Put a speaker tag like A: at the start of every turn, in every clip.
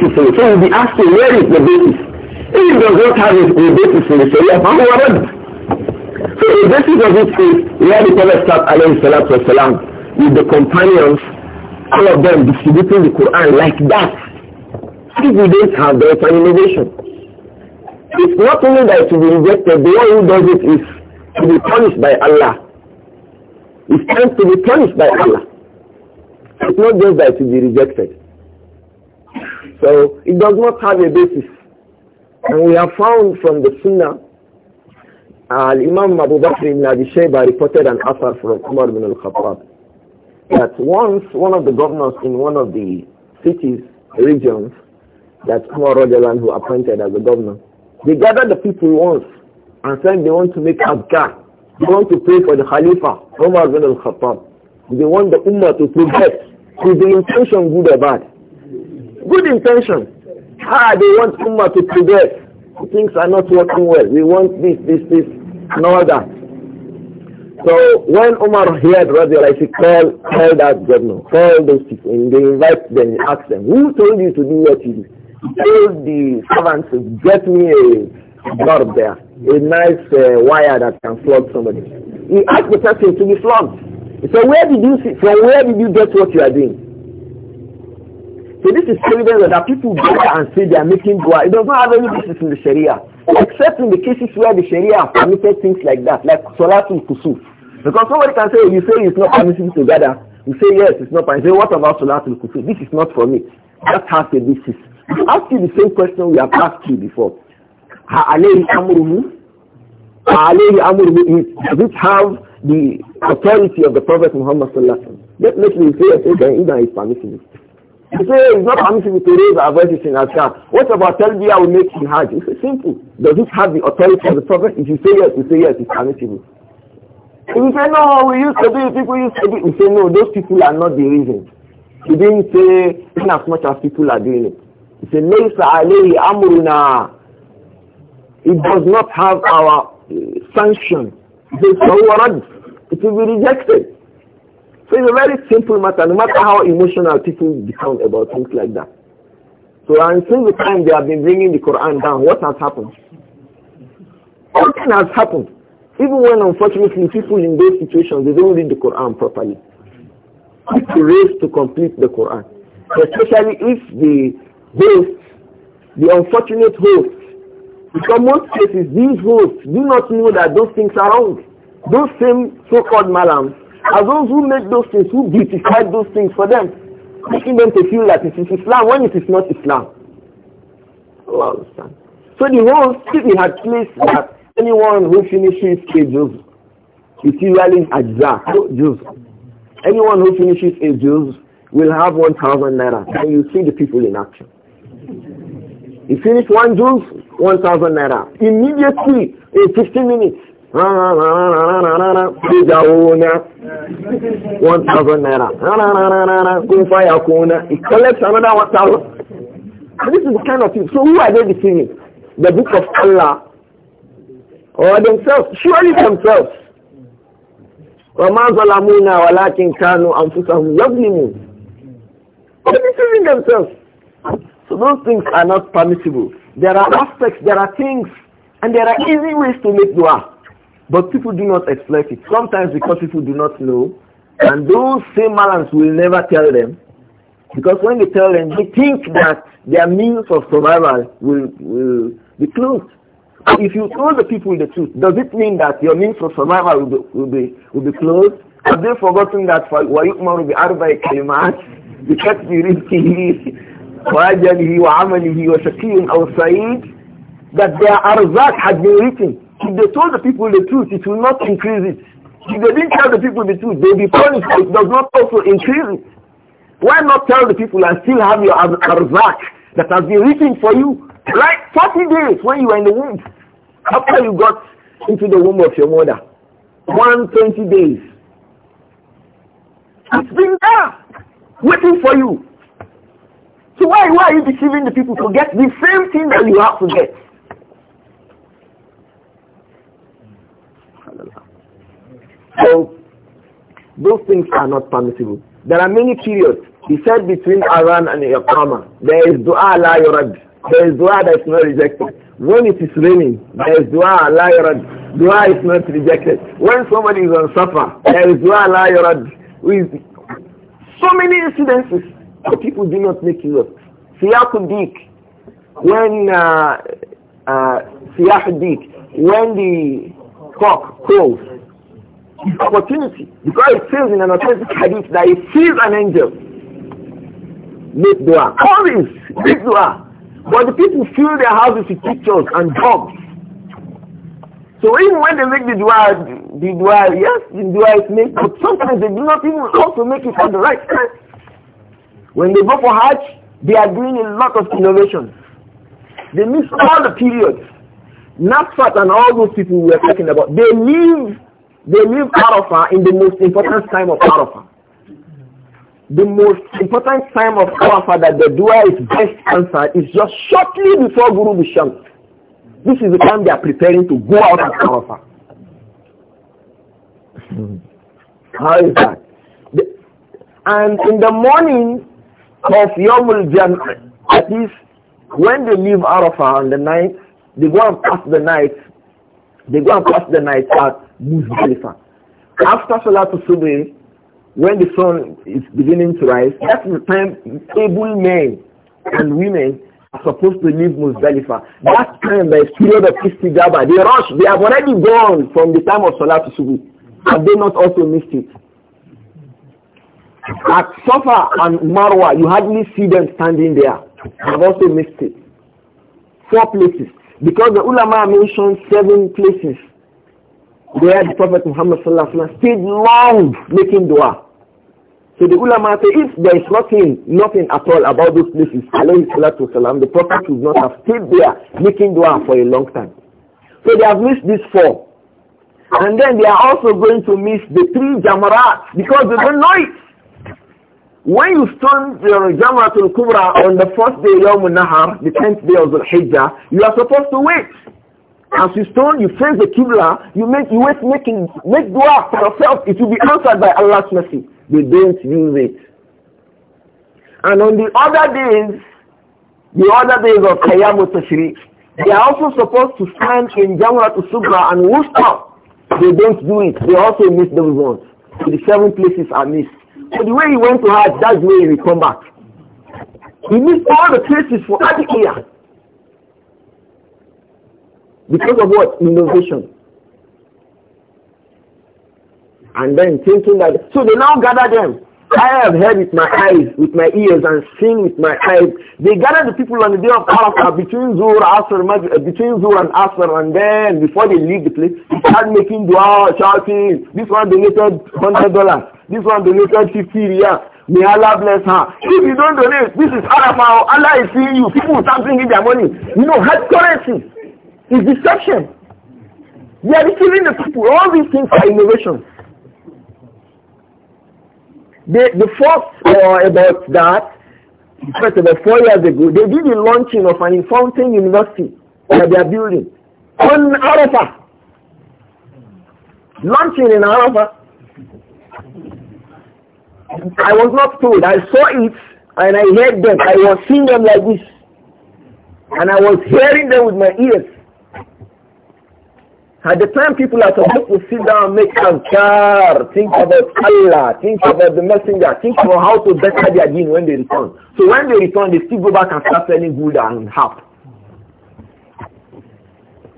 A: to say. So we will be asking, where is the basis? If he does not have a, business, basis in the Sharia, how are it? So the basis of is where the Prophet start alayhi salatu wasalam with the companions, all of them distributing the Quran like that. If we don't have there is an innovation. It's not only that to be rejected, the one who does it is to be punished by Allah. It's time to be punished by Allah. It's not just that it be rejected. So it does not have a basis. And we have found from the Sunnah, uh, Imam Abu Bakr ibn Abi Shayba reported an affair from Umar ibn al-Khattab that once one of the governors in one of the cities, regions that Umar Rajalan who appointed as the governor, they gathered the people once and said they want to make Abkar. They want to pray for the Khalifa, Umar ibn al-Khattab. They want the Ummah to progress. Is the intention good or bad? Good intention. Ah, they want Ummah to progress. Things are not working well. We want this, this, this, and all that. So when Umar heard Radiallah, he called, called that governor, called those people, and they invite them, ask them, who told you to do what you do? Tell the servants, get me a barb there, a nice uh, wire that can flog somebody. He asked the person to be flogged. He said, where did you see, from where did you get what you are doing? So this is evidence that people go and say they are making dua. It does not have any basis in the Sharia. Except in the cases where the Sharia permitted things like that, like Salatul Kusuf. Because somebody can say, you say it's not permissible to gather. You say, yes, it's not permissible. What about Salatul Kusuf? This is not for me. That has a basis. ask you the same question we have asked you before. Ha'alayhi amruhu? Ha'alayhi amruhu does it have the authority of the Prophet Muhammad sallallahu alaihi wasallam? Definitely you say, yes, okay, it's is permissible. You say it's not permissible to raise our voices in Azkar. What about how we make in hard? It's simple. Does it have the authority of the Prophet? If you say yes, you say yes, it's permissible. If you say no, we used to do it, people used to do it, we say no, those people are not the reason. He didn't say in as much as people are doing it. He said, Laysa alayhi amruna. It does not have our eh, sanction. sanction. It is so It will be rejected. So it's a very simple matter, no matter how emotional people become about things like that. So and since the time they have been bringing the Quran down, what has happened? Something has happened. Even when unfortunately people in those situations, they don't read the Quran properly. It's a race to complete the Quran. Especially if the hosts, the unfortunate hosts, because most cases these hosts do not know that those things are wrong. Those same so-called malams as those who make those things, who beautify those things for them, making them to feel that it is Islam when it is not Islam. Allah understand. So the whole city had placed that anyone who finishes a juz, it's usually ajza, juz. Anyone who finishes a juz will have 1,000 naira. And you see the people in action. You finish one juz, 1,000 naira. Immediately, in 15 minutes, Fidawuna, 1,000 naira. he collects another 1,000. This is the kind of thing. So who are they deceiving? The book of Allah or themselves? Surely themselves. وَمَا ظَلَمُونَ وَلَكِنْ كَانُوا أَنفُسَهُمْ يَظْلِمُونَ They're deceiving themselves. So those things are not permissible. There are aspects, there are things, and there are easy ways to make dua. But people do not exploit it. Sometimes because people do not know, and those same Malans will never tell them. Because when they tell them, they think that their means of survival will, will be closed. And if you tell the people the truth, does it mean that your means of survival will be, will be, will be closed? Have they forgotten that وَيُؤْمَرُ بِأَرْبَعِ كَلِمَاتٍ بِكَتْبِ رِزْكِهِ وَأَجَلِهِ وَعَمَلِهِ وَشَقِيٍّ Al Sa'id, That their arzak had been written. If they told the people the truth, it will not increase it. If they didn't tell the people the truth, they be punished. It does not also increase it. Why not tell the people and still have your arzak that has been written for you? Like 40 days when you were in the womb. After you got into the womb of your mother. 120 days. It's been there, waiting for you. So why, why are you deceiving the people to get the same thing that you have to get? So those things are not permissible. There are many periods. He said between Iran and Yaqama, there is dua la yurad. There is dua that is not rejected. When it is raining, there is dua la yurad. Dua is not rejected. When somebody is on suffer, there is dua la yurad. With so many incidences, but people do not make use of. Siyakudik, when uh, uh, when the cock crows, his opportunity. Because it says in an authentic hadith that he sees an angel. Make dua. Always make dua. But the people fill their houses with pictures and dogs So even when they make the dua, the dua, yes, the dua is made, but sometimes they do not even also make it at the right time. When they go for Hajj, they are doing a lot of innovation. They miss all the periods. Nafsat and all those people we are talking about, they leave they leave Arafah in the most important time of Arafah. The most important time of Arafah that the dua is best answered is just shortly before Guru Bisham. This is the time they are preparing to go out of Arafah. How is that? The, and in the morning of Yomul Jan, at least when they leave Arafah on the night, they go and pass the night they go and pass the night at
B: Muzdalifah.
A: After Salatul Subh, when the sun is beginning to rise, that's the time able men and women are supposed to leave Muzdalifah. That time the period of istigaba. They rush. They have already gone from the time of Salatul Subh. Have they not also missed it? At Safa and Marwa, you hardly see them standing there. I've also missed it. Four places. Because the ulama mentioned seven places where the Prophet Muhammad stayed long making dua. So the ulama say if there is nothing, nothing at all about those places, alayhi the Prophet would not have stayed there making dua for a long time. So they have missed these four. And then they are also going to miss the three jamarat because they don't know it. When you stand your Jamatul Kubra on the first day, Yawm Nahar, the tenth day of the Hijjah, you are supposed to wait. As you stand, you face the Qibla, you make you wait making make dua for yourself, it will be answered by Allah's mercy. They don't use it. And on the other days, the other days of Qayyamut Tashriq, they are also supposed to stand in Jamratul Sugra and Wusta. They don't do it. They also miss those ones. the seven places are missed. So the way he went to Hajj, that's the way he will come back. He missed all the places for Adikiyah. Because of what? Innovation. And then thinking that, so they now gather them. I have heard with my eyes, with my ears, and seen with my eyes. They gathered the people on the day of Arafah between Zuhr, Asr, uh, between Zuhr and Asr, and then before they leave the place, they start making dua, shouting, this one donated $100. This one donated 50 riyal. May Allah bless her. If you don't donate, this is Arafah. Allah is seeing you. People will start bringing their money. You know, hard currency is deception. They are deceiving the people. All these things are innovation. The, the first uh, about that, first about four years ago, they did the launching of an fountain university that they are building on Arafah. Launching in Arafah. I was not told. I saw it and I heard them. I was seeing them like this. And I was hearing them with my ears. At the time people are supposed to sit down, make azkar, think about Allah, think about the messenger, think about how to better their deen when they return. So when they return, they still go back and start selling good and help,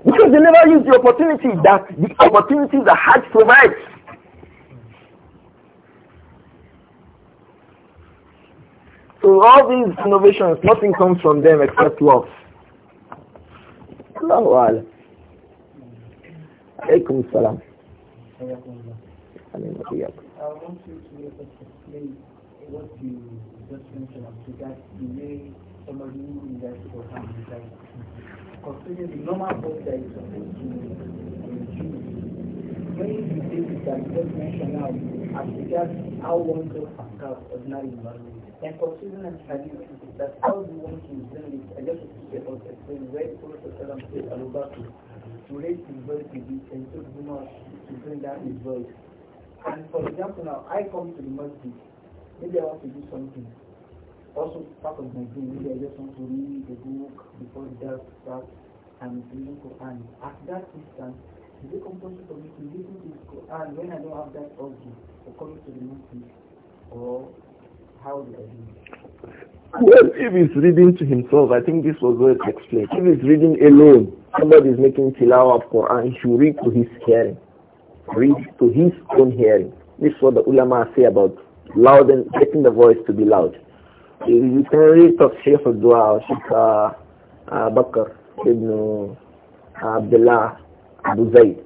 A: Because they never use the opportunity that the opportunity that Hajj provides. So all these innovations, nothing comes from them except love. Allahu Alaikum salam. I want you
B: to explain what you just mentioned somebody for time the normal book that is supposed to many things that you just mentioned now how one goes ordinary and considering and hadith that how do want to explain it, I just speak about explaining where the Prophet said Abu Bakr to raise his voice with it and took Umar to bring down his voice. And for example now, I come to the masjid, maybe I want to do something. Also part of my dream, maybe I just want to read the book before the dark starts and reading Quran. At that instant, is it compulsory for me to listen to the Quran when I don't have that urge for coming to the masjid or how do
A: well, if he's reading to himself, I think this was well explained. If he's reading alone, somebody is making tilawa of Quran, he should read to his hearing. Read to his own hearing. This is what the ulama say about loud and getting the voice to be loud. You can read of Shaykh al-Dua, Shaykh uh, uh, Bakr, Ibn uh, Abdullah, Abu Zayd.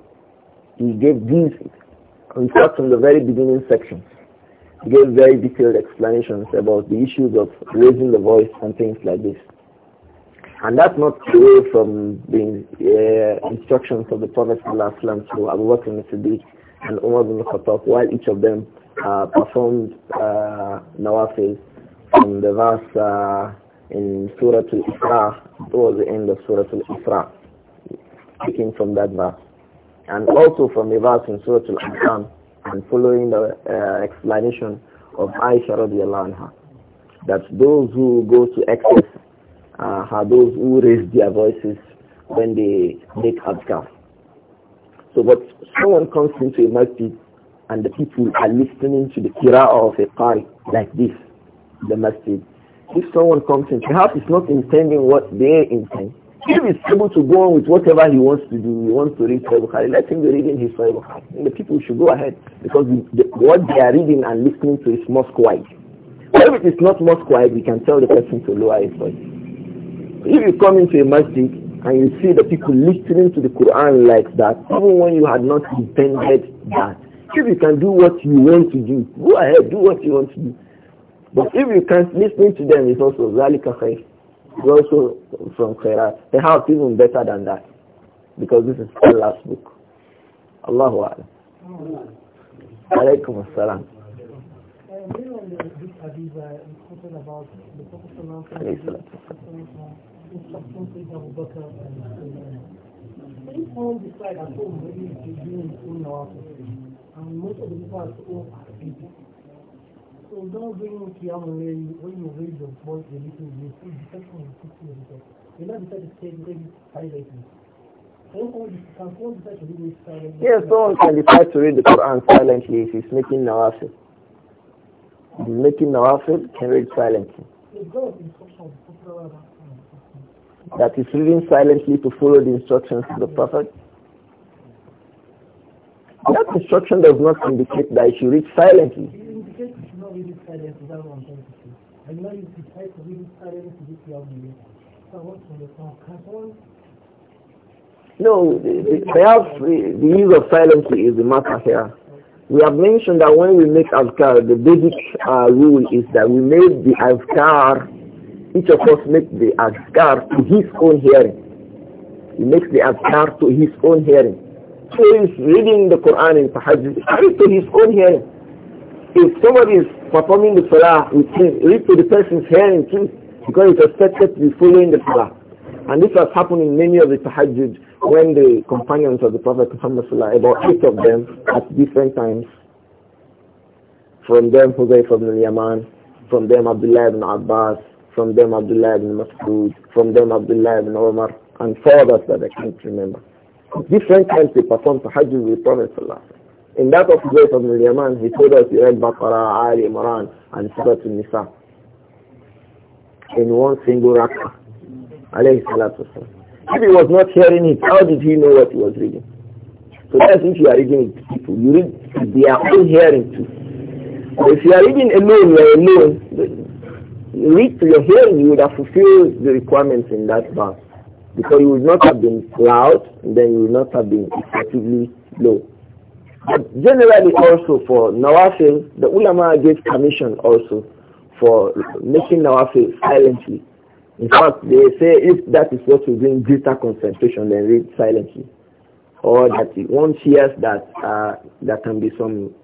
A: He gave these, in fact, from the very beginning sections gave very detailed explanations about the issues of raising the voice and things like this. And that's not away from the uh, instructions of the Prophet ﷺ to Abu Bakr and Siddiq and Umar bin Khattab while each of them uh, performed uh, nawafil from the verse uh, in Surah Al-Isra towards the end of Surah Al-Isra taking from that verse and also from the verse in Surah Al-An'am and following the uh, explanation of Aisha radiallahu anha, that those who go to excess uh, are those who raise their voices when they make adhkar. So what? someone comes into a masjid and the people are listening to the kira of a qari like this, the masjid. If someone comes in, perhaps it's not intending what they intend, if he's able to go on with whatever he wants to do, he wants to read Sahih Bukhari, let him be reading his Sahih Bukhari. the people should go ahead because the, the, what they are reading and listening to is mosque-wide. If it is not mosque-wide, we can tell the person to lower his voice. If you come into a masjid and you see the people listening to the Quran like that, even when you had not intended that, if you can do what you want to do, go ahead, do what you want to do. But if you can't, listen to them it's also ذَلِكَ خَيْرٌ is also from Khairat. have even better than that. Because this is last book. Allahu Akbar. Alaykum
B: so don't bring Kiyamu when you read your small religion, you see detection in sixteen religion. You know the to say because it's highlighting.
A: Yes, someone can decide to read the Quran silently if he's making nawafil. Making nawafil can read silently. That is reading silently to follow the instructions of the Prophet.
B: That instruction does not indicate
A: that he should read silently
B: what I'm trying to say. I know you to read to So can someone
A: no, perhaps the, the use of silence is the matter here. We have mentioned that when we make azkar, the basic uh, rule is that we make the azkar, each of us make the azkar to his own hearing. He makes the azkar to his own hearing. So he's reading the Quran in Tahajjud, to his own hearing if somebody is performing the salah with him, read to the person's hearing too, because it's expected to be following the salah. And this has happened in many of the tahajjud when the companions of the Prophet Muhammad Sallallahu about eight of them at different times, from them Huzayf ibn Yaman, from them Abdullah ibn Abbas, from them Abdullah ibn Mas'ud, from them Abdullah ibn Omar, and four others that I can't remember. At different times they performed tahajjud with the Prophet Sallallahu in that of Zayd ibn al-Yaman, he told us he read Baqarah, Ali Imran, and Surah Nisa in one single rakah. Alayhi salatu If he was not hearing it, how did he know what he was reading? So that's if you are reading with people. You read they are all hearing too. if you are reading alone, you are
B: alone.
A: You read to your hearing, you would have fulfilled the requirements in that verse. Because you would not have been loud, and then you would not have been effectively low. But generally also for nawafil, the ulama gave permission also for making nawafil silently. In fact, they say if that is what will bring greater concentration, then read silently. Or that one hears that uh, there can be some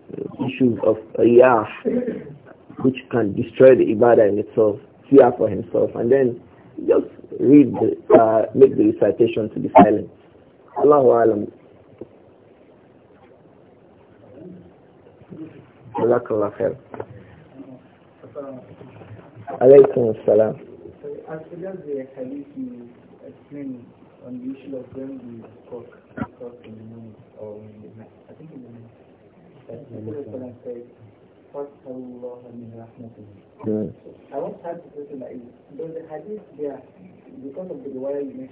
A: issues of riyah which can destroy the ibadah in itself, fear for himself, and then just read, the, uh, make the recitation to be silent. Allahu Alam. Jazakallah salam I that
B: hadith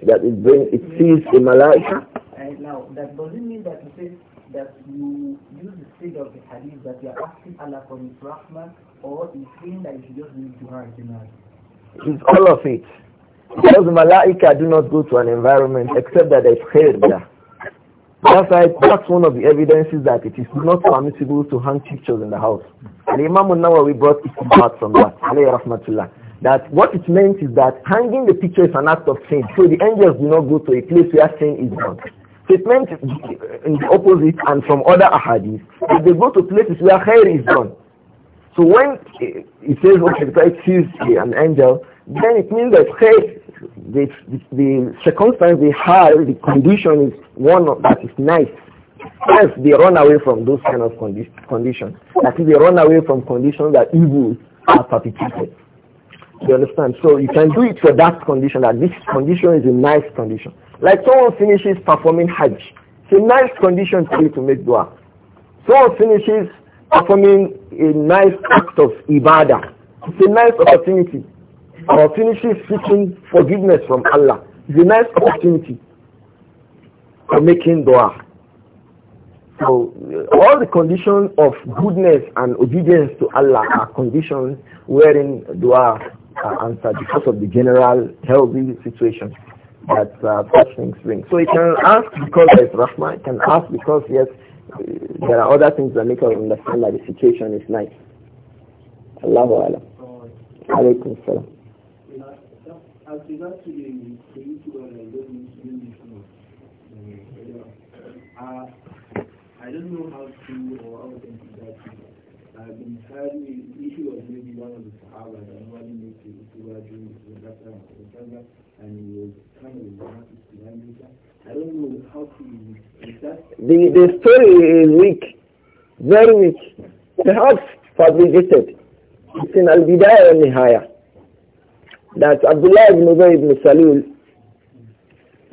B: that it brings it sees the malaika now that doesn't mean that it says that you use the state of the hadith that you are asking Allah for his rahmah or you saying that you should just read to in general?
A: It's all of it. Because malaika do not go to an environment except that they prayed there. That's why that's one of the evidences that it is not permissible to hang pictures in the house. And Imam Nawawi brought it back from that. That what it meant is that hanging the picture is an act of sin. So the angels do not go to a place where sin is not statement in the opposite and from other ahadith, they go to places where khair is done. So when it says, okay, the guy sees an angel, then it means that khair, the, the circumstance the have, the condition is one that is nice. Yes, they run away from those kind of condi conditions. That is, they run away from conditions that evil are perpetrated. You understand? So you can do it for that condition, that this condition is a nice condition. Like someone finishes performing Hajj. It's a nice condition for you to make dua. Someone finishes performing a nice act of ibadah. It's a nice opportunity. Or finishes seeking forgiveness from Allah. It's a nice opportunity for making dua. So all the conditions of goodness and obedience to Allah are conditions wherein dua are answered because of the general healthy situation that uh, such things bring. So you can ask because there is Rahma, you can ask because yes, uh, there are other things that make us understand that the situation is nice. Allahu Alam. Alaykum Salam.
B: As regards to the uh, I don't know how true or how authentic that is. I've been hearing the issue of maybe one of the Sahaba that normally makes it and he was kind of behind himself. I don't know how to that.
A: The, the story is weak, very weak, perhaps fabricated. It's in Al-Bidayah and Nihaya that Abdullah ibn Ubay ibn Salul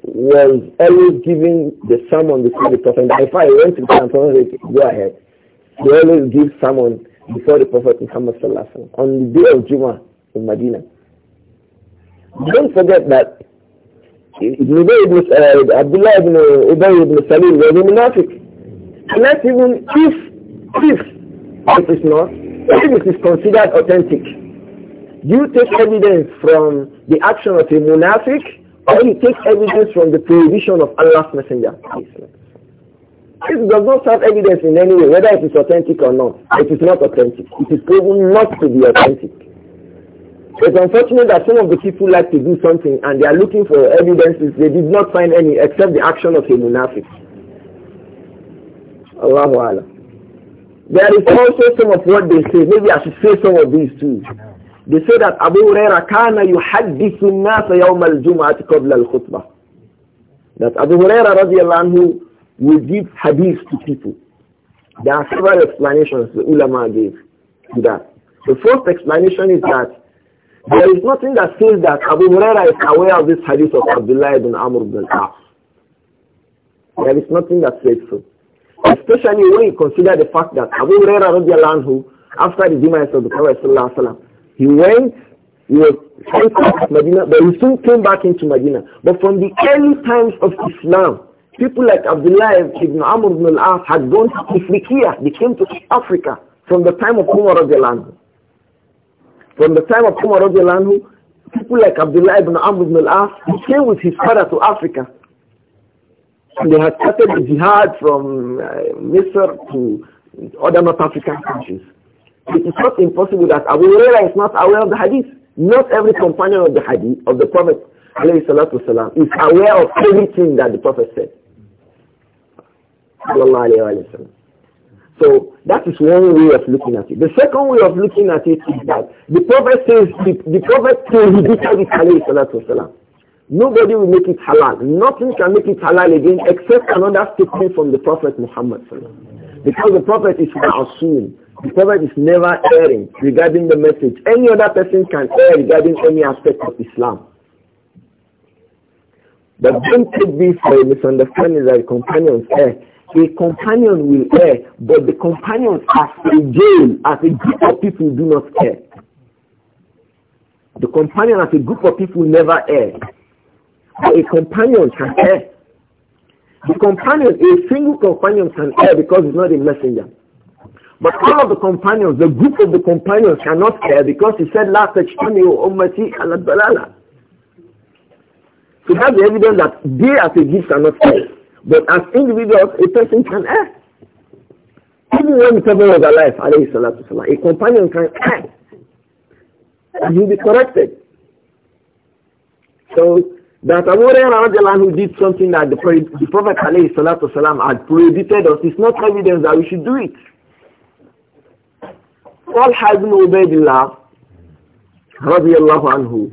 A: was always giving the sermon before the Prophet. if I went to the Prophet, go ahead. He always gives sermon before the Prophet Muhammad sallallahu on the day of Juma in Medina. Don't forget that Ibn ibn, uh, Abdullah ibn Ubay ibn Salim was a munafiq. And that's even if, if, if it's not, if it is considered authentic, do you take evidence from the action of a munafiq or you take evidence from the prohibition of Allah's messenger? This does not have evidence in any way, whether it is authentic or not. It is not authentic. It is proven not to be authentic. It's unfortunate that some of the people like to do something and they are looking for evidences. They did not find any except the action of a munafiq. Allahu Allah. There is also some of what they say. Maybe I should say some of these too. They say that Abu Huraira kana yuhaddithu an-nas yawm al-jum'ah qabla al-khutbah. That Abu Huraira radiyallahu anhu will give hadith to people. There are several explanations the ulama gave to that. The first explanation is that there is nothing that says that Abu Huraira is aware of this hadith of Abdullah ibn Amr ibn al There is nothing that says so. Especially when you consider the fact that Abu Huraira anhu, after the demise of the Prophet he went, he was sent to Medina, but he soon came back into Medina. But from the early times of Islam, people like Abdullah ibn Amr ibn al had gone to Africa, they came to Africa from the time of Umar radiallahu anhu. From the time of Umar Anhu, people like Abdullah ibn Amr ibn al-As, he came with his father to Africa. And they had started the jihad from uh, Misr to other North African countries. It is not impossible that Abu Huraira is not aware of the hadith. Not every companion of the hadith, of the Prophet, والسلام, is aware of everything that the Prophet said. So that is one way of looking at it. The second way of looking at it is that the Prophet says, the, the Prophet prohibited it, Nobody will make it halal. Nothing can make it halal again except another statement from the Prophet Muhammad Because the Prophet is ma'asum. The Prophet is never erring regarding the message. Any other person can err regarding any aspect of Islam. But don't take this for a misunderstanding that companions err a companion will err, but the companions as a jail, as a group of people do not care. The companion as a group of people never err. But a companion can err. The companion, a single companion can err because it's not a messenger. But all of the companions, the group of the companions cannot err because he said, La tajtamiu ummati ala balala. So that's the evidence that they as a group cannot care. But as individuals, a person can err. Even when the Prophet was alive, alayhi salatu a companion can err. And he'll be corrected. So, that a Hurairah who did something that the, the Prophet alayhi salatu salam had prohibited us is not evidence that we should do it. Paul has no obeyed radiallahu anhu,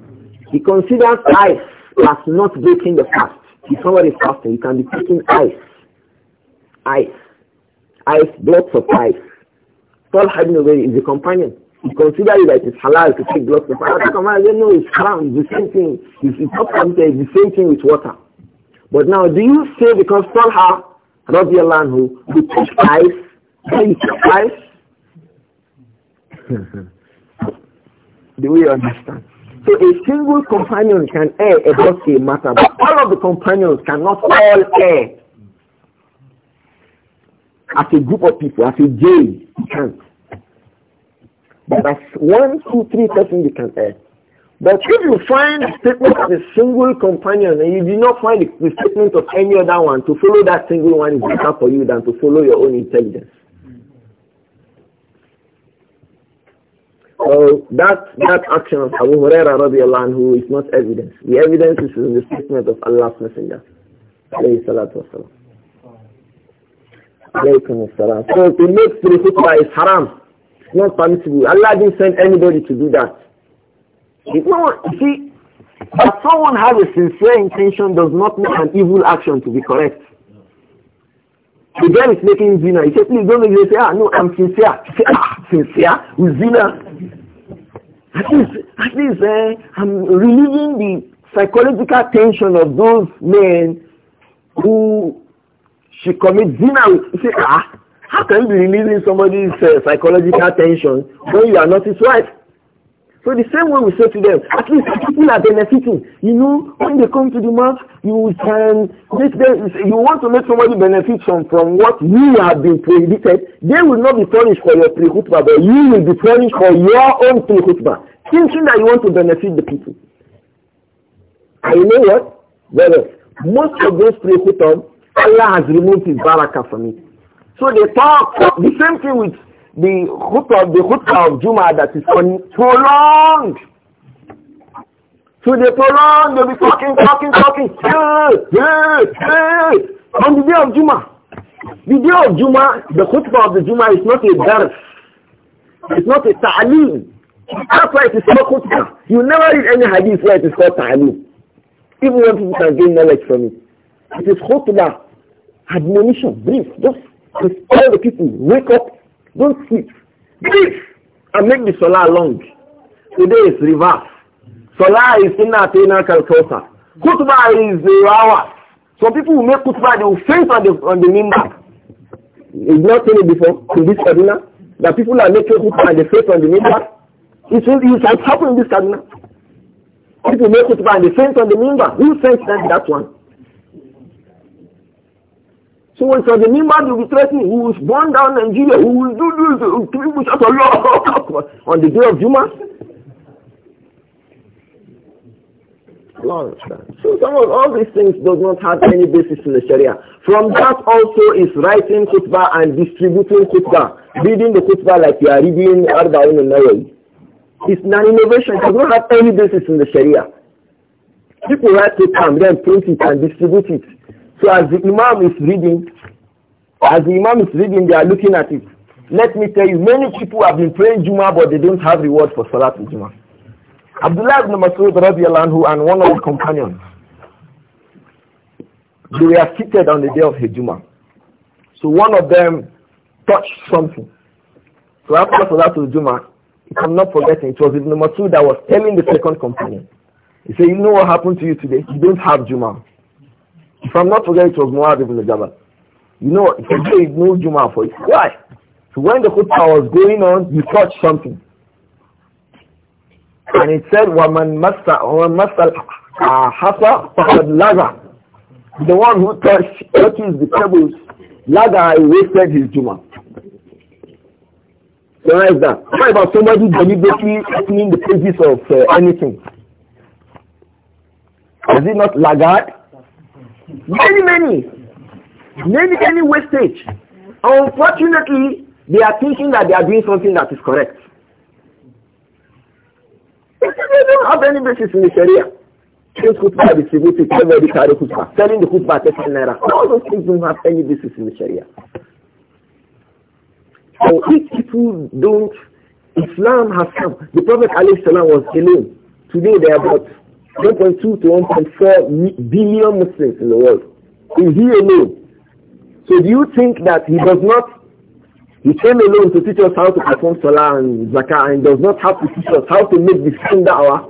A: he considers life as not breaking the fast. If somebody is fasting, you can be taking ice. Ice. Ice, blocks of ice. Paul Ibn away is a companion. He considered that it's halal to take blocks of ice. The commander not know. it's haram. It's the same thing. It's, it's not something. It's the same thing with water. But now, do you say because Talha, Rabbi Allah, who took ice, then took ice? do we understand? So a single companion can err about a matter, but all of the companions cannot all err. As a group of people, as a jail, you can't. But as one, two, three person, you can err. But if you find the statement of a single companion and you do not find the statement of any other one, to follow that single one is better for you than to follow your own intelligence. So that that action of Abu Huraira radiallahu anhu is not evidence. The evidence is in the statement of Allah's Messenger. So to make the khutbah is haram. It's not permissible. Allah didn't send anybody to do that. no you see, that someone has a sincere intention does not make an evil action to be correct. The girl is making zina. He said, please don't make me say, ah, no, I'm sincere. He said, ah, sincere with zina. At least, at least eh, I'm relieving the psychological tension of those men who she commits zina with. He said, ah, how can you be relieving somebody's uh, psychological tension when you are not his wife? So the same way we say to them, at least people are benefiting. You know, when they come to the mosque, you can you want to make somebody benefit from, from what you have been prohibited, they will not be punished for your prehutba but you will be punished for your own prehutba thinking that you want to benefit the people. And you know what? Brothers, most of those prehutba Allah has removed his barakah from it. So they talk, the same thing with the khutbah, the khutbah of Juma that is prolonged. So they prolong, they'll be talking, talking, talking. On the day of Juma. The day of Juma, the khutbah of the Juma is not a dars. It's not a ta'aleem. That's why it is called khutbah. You never read any hadith where it is called ta'aleem. Even when people can gain knowledge from it. It is khutbah. Admonition, brief. Just tell the people, wake up, don't sleep. Brief! And make the salah long. Today is reverse. Salah is inna atina kalkosa. Khutbah is the rawah. Some people who make khutbah, they will faint on the, on the You It's not seen it before in this Kaduna that people are making khutbah and they faint on the mimbar. It's, it has happened in this Kaduna. People make khutbah and they faint on the mimbar. Who sent that that one? So when the Nimba will be threatening, who will down down Nigeria, who will do this, who will shout Allah on the day of Juma, So some of all these things does not have any basis in the Sharia. From that also is writing khutbah and distributing khutbah. Reading the khutbah like you are reading Arba'in al-Nawawi. It's an innovation. It does not have any basis in the Sharia. People write it and then print it and distribute it. So as the Imam is reading, as the Imam is reading, they are looking at it. Let me tell you, many people have been praying Juma, but they don't have reward for Salat Juma. Abdullah ibn Masud radiallahu and one of his companions, they were seated on the day of Hijuma. So one of them touched something. So after that Juma, if I'm not forgetting, it was Ibn Masud that was telling the second companion. He said, you know what happened to you today? You don't have Juma. If I'm not forgetting, it was Muad ibn Jabal. You know, he said, there is no Juma for you. Why? So when the khutbah was going on, you touched something. And it said, woman master, الْحَصَى فَقَدْ laga The one who touches the tables, laga, he wasted his Juma. So is that? What about somebody deliberately opening the pages of uh, anything? Is it not laggard? Many, many. Many, many wastage. Unfortunately, they are thinking that they are doing something that is correct. They don't have any basis in the Sharia. Since khutbah distributed, everybody khutbah. Selling the khutbah at 10 All those things don't have any basis in the Sharia. So if people don't, Islam has come. The Prophet salam was alone. Today there are about 1.2 to 1.4 billion Muslims in the world. Is he alone? So do you think that he does not he came alone to teach us how to perform salah and zakah and does not have to teach us how to make the same prayer.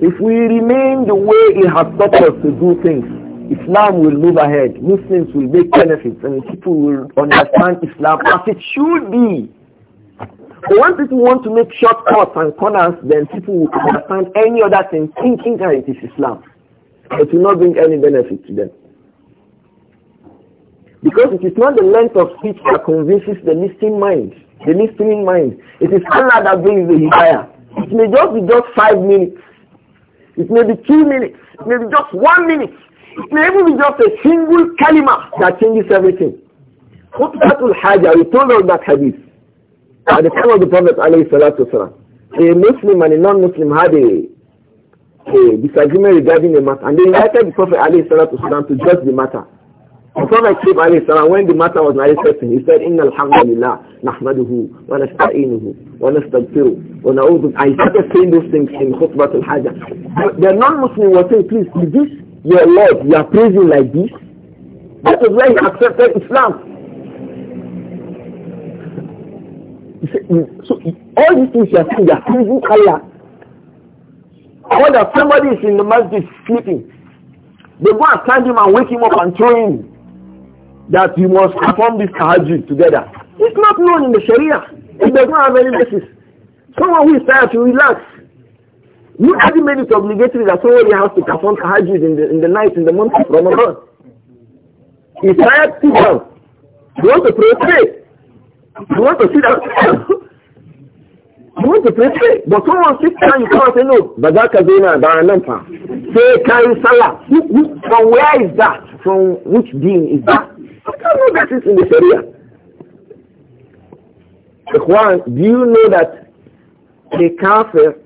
A: If we remain the way he has taught us to do things, Islam will move ahead. Muslims will make benefits and people will understand Islam as it should be. But when people want to make shortcuts and corners, then people will understand any other thing thinking that it is Islam. It will not bring any benefit to them. Because it is not the length of speech that convinces the listening mind, the listening mind. It is Allah that brings the hidayah. It may just be just five minutes. It may be two minutes. It may be just one minute. It may even be just a single kalima that changes everything. Khutbatul Hajj, we told us that hadith. At the time of the Prophet alayhi a Muslim and a non-Muslim had a, a disagreement regarding the matter and they invited the Prophet alayhi to judge the matter. The Prophet Sib Ali salam, when the matter was narrated to him, he said, Inna alhamdulillah, nahmaduhu, wa nasta'inuhu, wa nastaghfiruhu, wa na'udhu. And he started saying those things in khutbat al-hajjah. The non-Muslim was saying, please, is this your Lord you are praising like this? That is why he accepted Islam. So all these things you are saying, you are praising Allah. When somebody is in the masjid sleeping. They go and stand him and wake him up and throw him that you must perform this tahajjud together. It's not known in the Sharia. It does not have any basis. Someone who is tired to relax. You haven't made it obligatory that somebody has to perform tahajjud in the, in the night in the month of Ramadan. He's tired, to down. You want to pray, pray. You want to sit down, You want to pray, pray. But someone sits down, you come and say no. Badaka Zena, Baranampa. Say, Kari Salah. From where is that? From which being is that? do you know that it's in the Sharia. Ikhwan, do you know that a kafir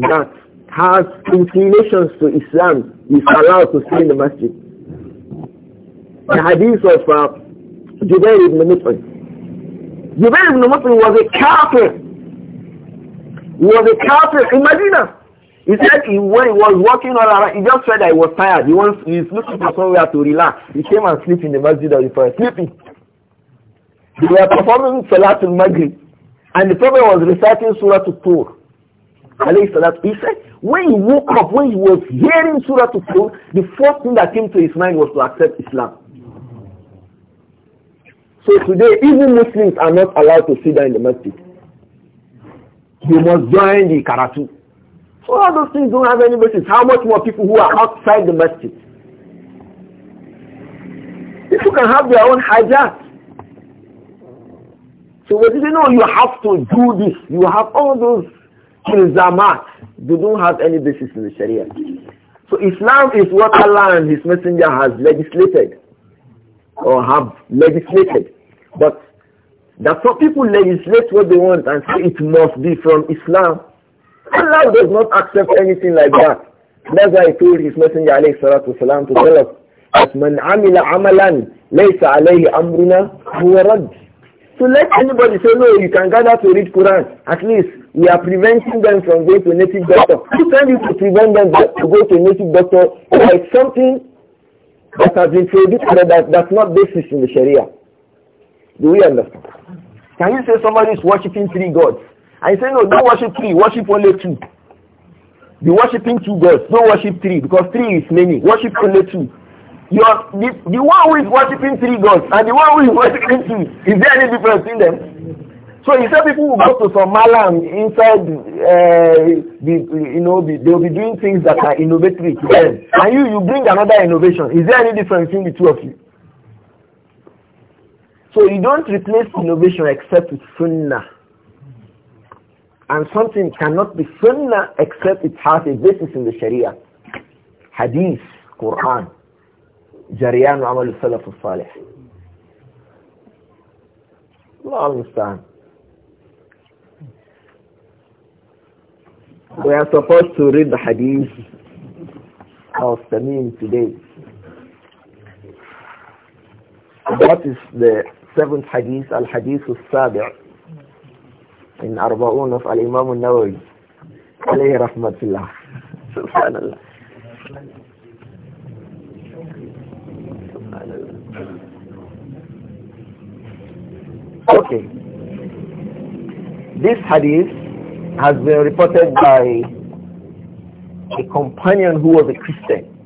A: that has inclinations to Islam is allowed to stay in the masjid? The hadith of uh, Jubair ibn Mut'im. Jubair ibn Mut'im was a kafir. He was a kafir in he said he, when he was walking all around, he just said that he was tired. He was he's looking for somewhere to relax. He came and slept in the masjid of the Prophet, sleeping. They were performing Salatul Maghrib. And the Prophet was reciting Surah Tur. He said, when he woke up, when he was hearing Surah Tur, the first thing that came to his mind was to accept Islam. So today, even Muslims are not allowed to sit down in the masjid. You must join the Karatu. All those things don't have any basis. How much more people who are outside the masjid? People can have their own hijab. So what did you know? You have to do this. You have all those ilzamat. They don't have any basis in the Sharia. So Islam is what Allah and His Messenger has legislated or have legislated. But that's what people legislate what they want and say it must be from Islam. Allah does not accept anything like that. That's why he told his messenger alayhi salatu wasalam to tell us that man amila amalan laysa alayhi amruna huwa rad. So let anybody say, no, you can gather to read Quran. At least we are preventing them from going to native doctor. Who tell you to prevent them to go to native doctor by something that has been prohibited that, that's not basis in the Sharia? Do we understand? Can you say somebody is worshipping three gods? I say, no, don't worship three, worship only two. Be worshipping two gods, don't worship three, because three is many. Worship only two. You are, the, the one who is worshipping three gods and the one who is worshipping two, is there any difference in them? So he said people will go to some malam inside, uh, the, you know, the, they'll be doing things that are innovative to them. And you, you bring another innovation. Is there any difference between the two of you? So you don't replace innovation except with sunnah. And something cannot be sunnah except it has a basis in the Sharia. Hadith, Quran, Jariyan Amal Salaf Salih. Allah understand. We are supposed to read the hadith of Tamim today. What is the seventh hadith, al-hadith al-sabi' in Arba'un of Al-Imam al-Nawawi. Alayhi rahmatullah. Subhanallah. Okay. This hadith has been reported by a companion who was a Christian,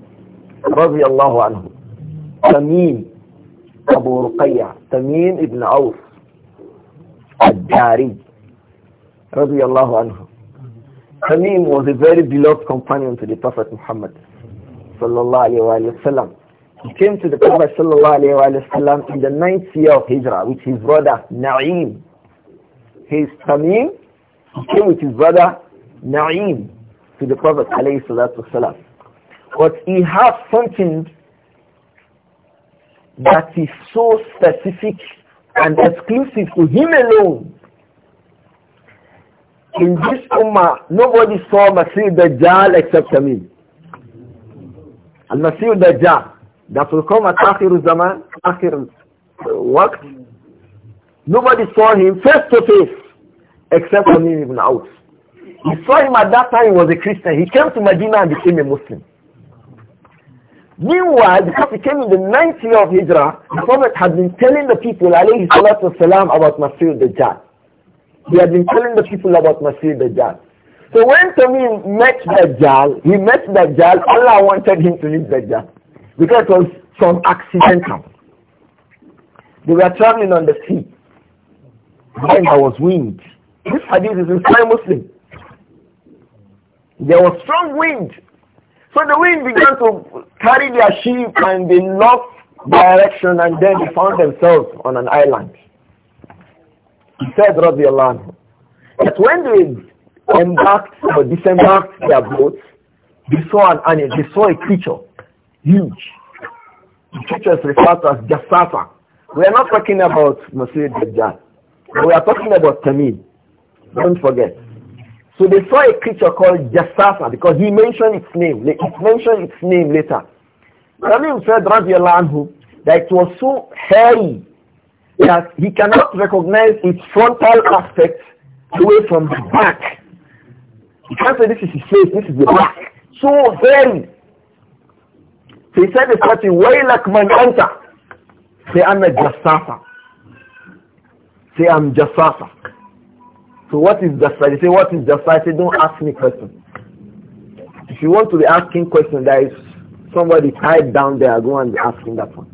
A: الله عنه, Tamim Abu Ruqayya, Tamim ibn Auf, al darij radiallahu anhu. Tamim was a very beloved companion to the Prophet Muhammad sallallahu alayhi wa sallam. He came to the Prophet sallallahu alayhi wa sallam in the ninth year of Hijrah with his brother Na'im. His Tamim came with his brother Na'im to the Prophet alayhi salatu wasalam. But he had something that is so specific and exclusive to him alone in this ummah, nobody saw Masih Dajjal except Tamim. And Masih Dajjal, that will come at Akhir Zaman, Akhir uh, Waqt. Nobody saw him face to face except Tamim ibn Aus. He saw him at that time, he was a Christian. He came to Medina and became a Muslim. Meanwhile, because he came in the ninth year of Hijrah, the Prophet had been telling the people, alayhi salatu wasalam, about Masih Dajjal. He had been telling the people about Masih Dajjal. So when Tommy met Dajjal, he met Dajjal, Allah wanted him to meet Dajjal because it was some accidental. They were traveling on the sea. Then there was wind. This hadith is in Sahih Muslim. There was strong wind. So the wind began to carry their sheep and they lost direction and then they found themselves on an island. He said, radiallahu anhu, that when they embarked or disembarked their boats, they saw an animal, they saw a creature, huge. The creature is referred to as Jasafa. We are not talking about Masih Dajjal. We are talking about Tamil. Don't forget. So they saw a creature called Jasafa because he mentioned its name. He mentioned its name later. Tamim said, radiallahu that it was so hairy that he cannot recognize its frontal aspect away from the back. He can't say this is his face, this is the back. So then, he said the party, like my أَنْتَ Say, I'm a jassasa. Say, I'm jassasa. So what is jassasa? They say, what is jassasa? I say, don't ask me questions. If you want to be asking questions, there is somebody tied down there, go and ask him that one.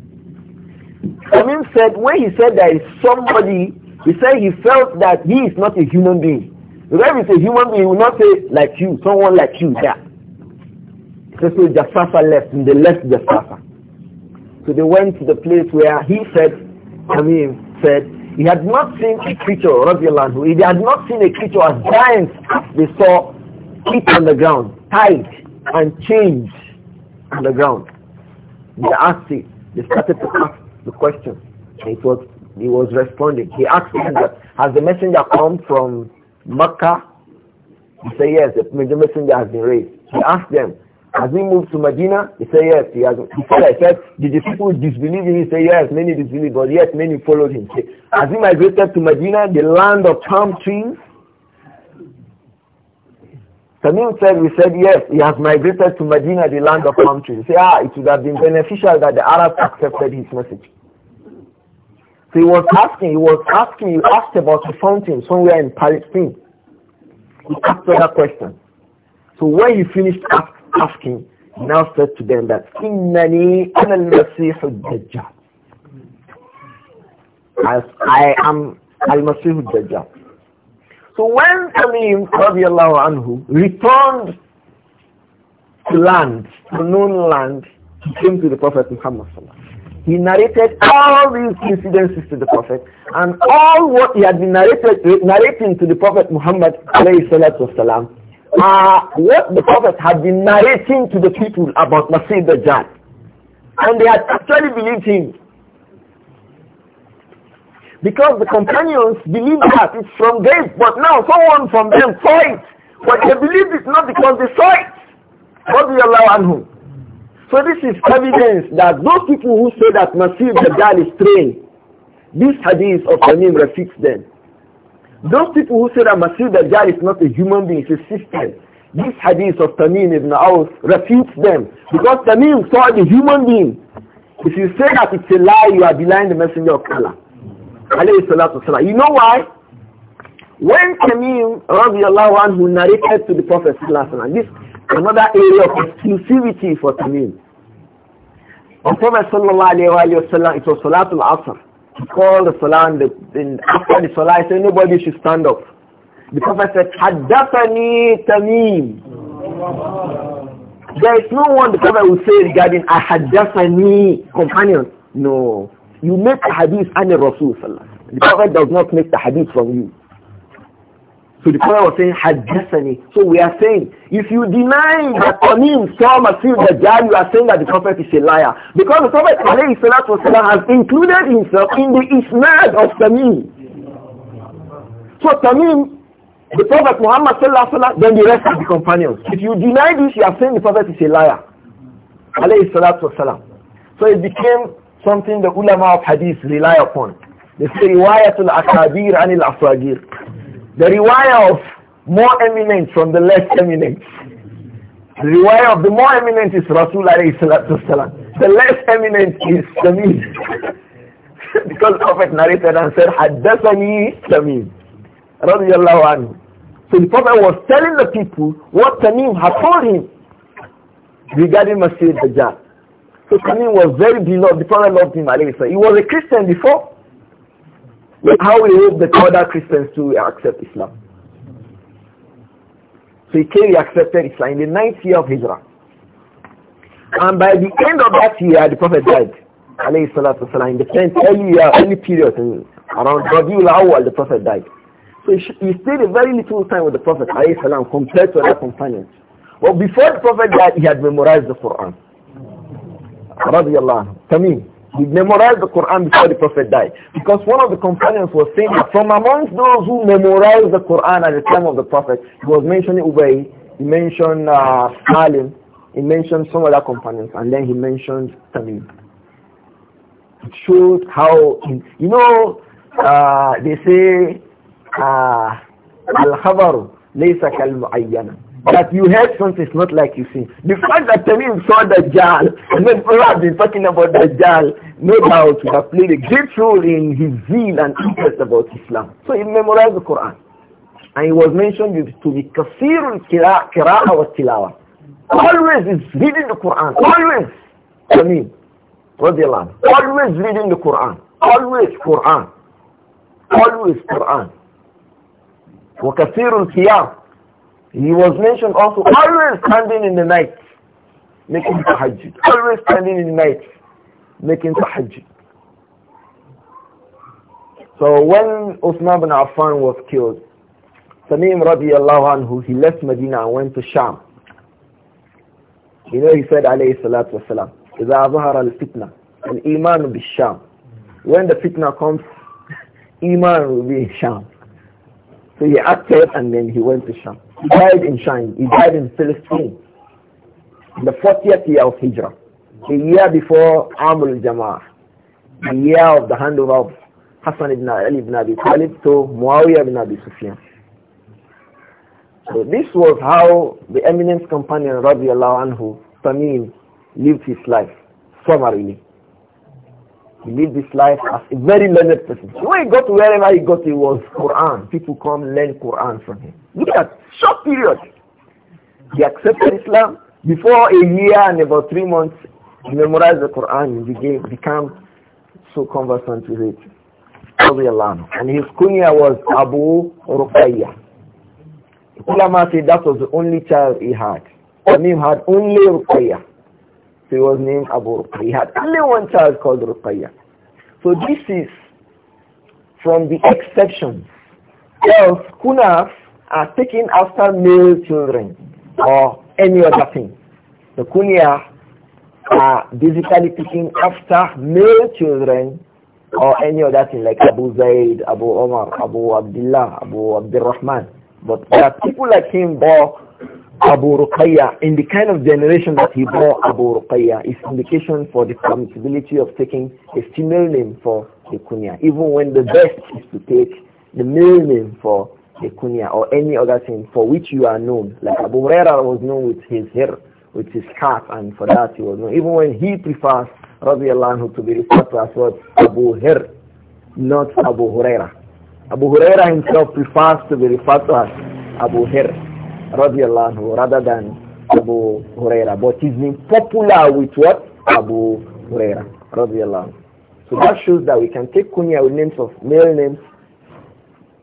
A: Tamim said, when he said there is somebody, he said he felt that he is not a human being. Because if it's a human being, he will not say, like you, someone like you, Yeah. He said, so Jafafa left, and they left Jafafa. So they went to the place where he said, Tamim said, he had not seen a creature, Rabbi who he had not seen a creature as giant they saw feet on the ground, tied and chained on the ground. They asked him, they started to ask the question. It was, he was responding. He asked him that, has the messenger come from Mecca? He said, yes, the, the messenger has been raised. He asked them, has he moved to Medina? He said, yes, he has. He said, I said, did the people disbelieve him? He said, yes, many disbelieved, but yet many followed him. He said, has he migrated to Medina, the land of palm trees? Tamim said, we said, yes, he has migrated to Medina, the land of palm trees. He said, ah, it would have been beneficial that the Arabs accepted his message. So he was asking, he was asking, you asked about the fountain somewhere in Palestine. He asked that question. So when he finished ask, asking, he now said to them that, Innani al-Masih al-Dajjal. I am al-Masih al-Dajjal. So when Tamim radiallahu anhu returned to land, to known land, he came to the Prophet Muhammad He narrated all these incidences to the Prophet and all what he had been narrated, narrating to the Prophet Muhammad are what the Prophet had been narrating to the people about Masih Dajjal. And they had actually believed him. Because the companions believed that it's from them, but now someone from them saw it. But they believed it not because they saw it. on whom? So this is evidence that those people who say that Masih Dajjal is trained, this hadith of Tamim refutes them. Those people who say that Masih Dajjal is not a human being, it's a system, this hadith of Tamim ibn Aus refutes them because Tamim saw the human being. If you say that it's a lie, you are denying the messenger of Allah alayhi salatu wasalam. You know why? When Tamim one anhu narrated to the Prophet sallallahu this another area of exclusivity for Tamim. The Prophet sallallahu alayhi wasallam, it was salatul asr. He called the salah and, the, and after the salah he said nobody should stand up. The Prophet said, Haddathani Tamim. There is no one the Prophet will say regarding I haddathani companion. No. You make a hadith and a Rasul The Prophet does not make the hadith from you. So the Prophet was saying hadithani. So we are saying if you deny that Tamim saw Masih Dajjal, you are saying that the Prophet is a liar. Because the Prophet والسلام, has included himself in the isnad of Tamim. So Tamim, the Prophet Muhammad sallam, then the rest of the companions. If you deny this, you are saying the Prophet is a liar. So it became something the ulama of hadith rely upon. They say riwayatul akabir anil afragir. The riwayah of more eminent from the less eminent. The riwayah of the more eminent is Rasul alayhi salatu salam. The less eminent is Tamim. because Prophet narrated and said, Haddasani Tamim. Radiallahu anhu. So the Prophet was telling the people what Tamim had told him regarding Masjid Dajjal. So Tamim was very beloved. The Prophet loved him. He was a Christian before. But how we hope that other Christians to accept Islam. So he came, he accepted Islam in the ninth year of Hijrah. And by the end of that year, the Prophet died. Alayhi salatu In the tenth, early year, early period, around Rabiul Awal, the Prophet died. So he stayed a very little time with the Prophet, alayhi salam, compared to other companions. But before the Prophet died, he had memorized the Quran radiallahu anhu, Tamim, he memorized the Quran before the Prophet died. Because one of the companions was saying that from amongst those who memorized the Quran at the time of the Prophet, he was mentioning Ubay, he mentioned uh, Salim, he mentioned some other companions, and then he mentioned Tamim. It shows how, you know, uh, they say, uh, al-khabaru laysa kal-mu'ayyana that you heard something is not like you see. The fact that Tamim saw the Jal, and then people have been talking about the Jal, no doubt would have played a great role in his zeal and interest about Islam. So he memorized the Quran. And it was mentioned to be Kasir Kira'ah wa Tilawa. Always is reading the Quran. Always. Tamim. Always reading the Quran. Always Quran. Always Quran. وكثير الخيار he was mentioned also always standing in the night, making tahajjud. Always standing in the night, making tahajjud. So when Uthman bin Affan was killed, Tamim radiallahu anhu, he left Medina and went to Sham. You know, he said, alayhi salatu wasalam, إِذَا ظَهَرَ الْفِتْنَةِ الْإِيمَانُ بِالشَّامِ When the fitna comes, Iman will be in Sham. So he acted and then he went to Sham. He died in Shine. He died in Palestine. In the 40th year of Hijrah. The year before Amr al-Jama'ah. The year of the handover of Hassan ibn Ali ibn Abi Talib to Muawiyah ibn Abi Sufyan. So this was how the eminent companion radiallahu anhu, Tamim, lived his life, summarily. He lived this life as a very learned person. When he got to wherever he got, it was Quran. People come learn Quran from him. Look at short period. He accepted Islam. Before a year and about three months, he memorized the Quran and became, became so conversant with it. And his kunya was Abu Ruqayya. Ulama said that was the only child he had. Tamim had only Ruqayya he was named Abu Ruqayya. He had only one child called Ruqayya. So this is from the exceptions. Else, kunaf are taken after male children or any other thing. The kunya are basically taken after male children or any other thing like Abu Zaid, Abu Omar, Abu Abdullah, Abu Abdurrahman. But there are people like him, Abu Ruqayya, in the kind of generation that he bore Abu Ruqayya, is indication for the possibility of taking a female name for the kunya, even when the best is to take the male name for the kunya or any other thing for which you are known. Like Abu Huraira was known with his hair, with his cap, and for that he was known. Even when he prefers Radiallahu to be referred to as what Abu Hir, not Abu Huraira. Abu Huraira himself prefers to be referred to as Abu Hir rather than Abu Huraira. But he's been popular with what? Abu Huraira So that shows that we can take kunya with names of male names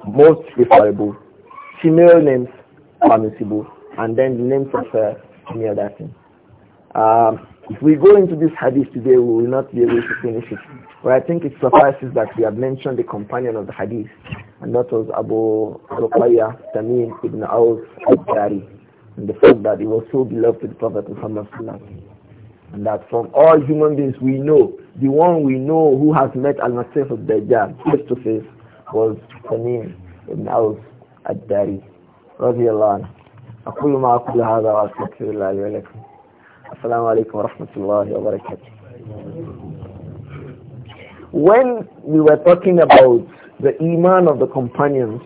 A: most preferable, female names permissible, and then the names of uh, female that thing. Um, if we go into this hadith today, we will not be able to finish it. But I think it suffices that we have mentioned the companion of the hadith, and that was Abu Ruqayya Tamim ibn Aus al-Dari, and the fact that he was so beloved to the Prophet Muhammad and that from all human beings we know, the one we know who has met Al-Masih al-Dajjal face to face was Tamim ibn Aus al-Dari, رضي الله عنه. أقول ما أقول هذا وأستغفر الله لي ولكم Assalamu alaikum wa rahmatullahi wa barakatuh. When we were talking about the iman of the companions,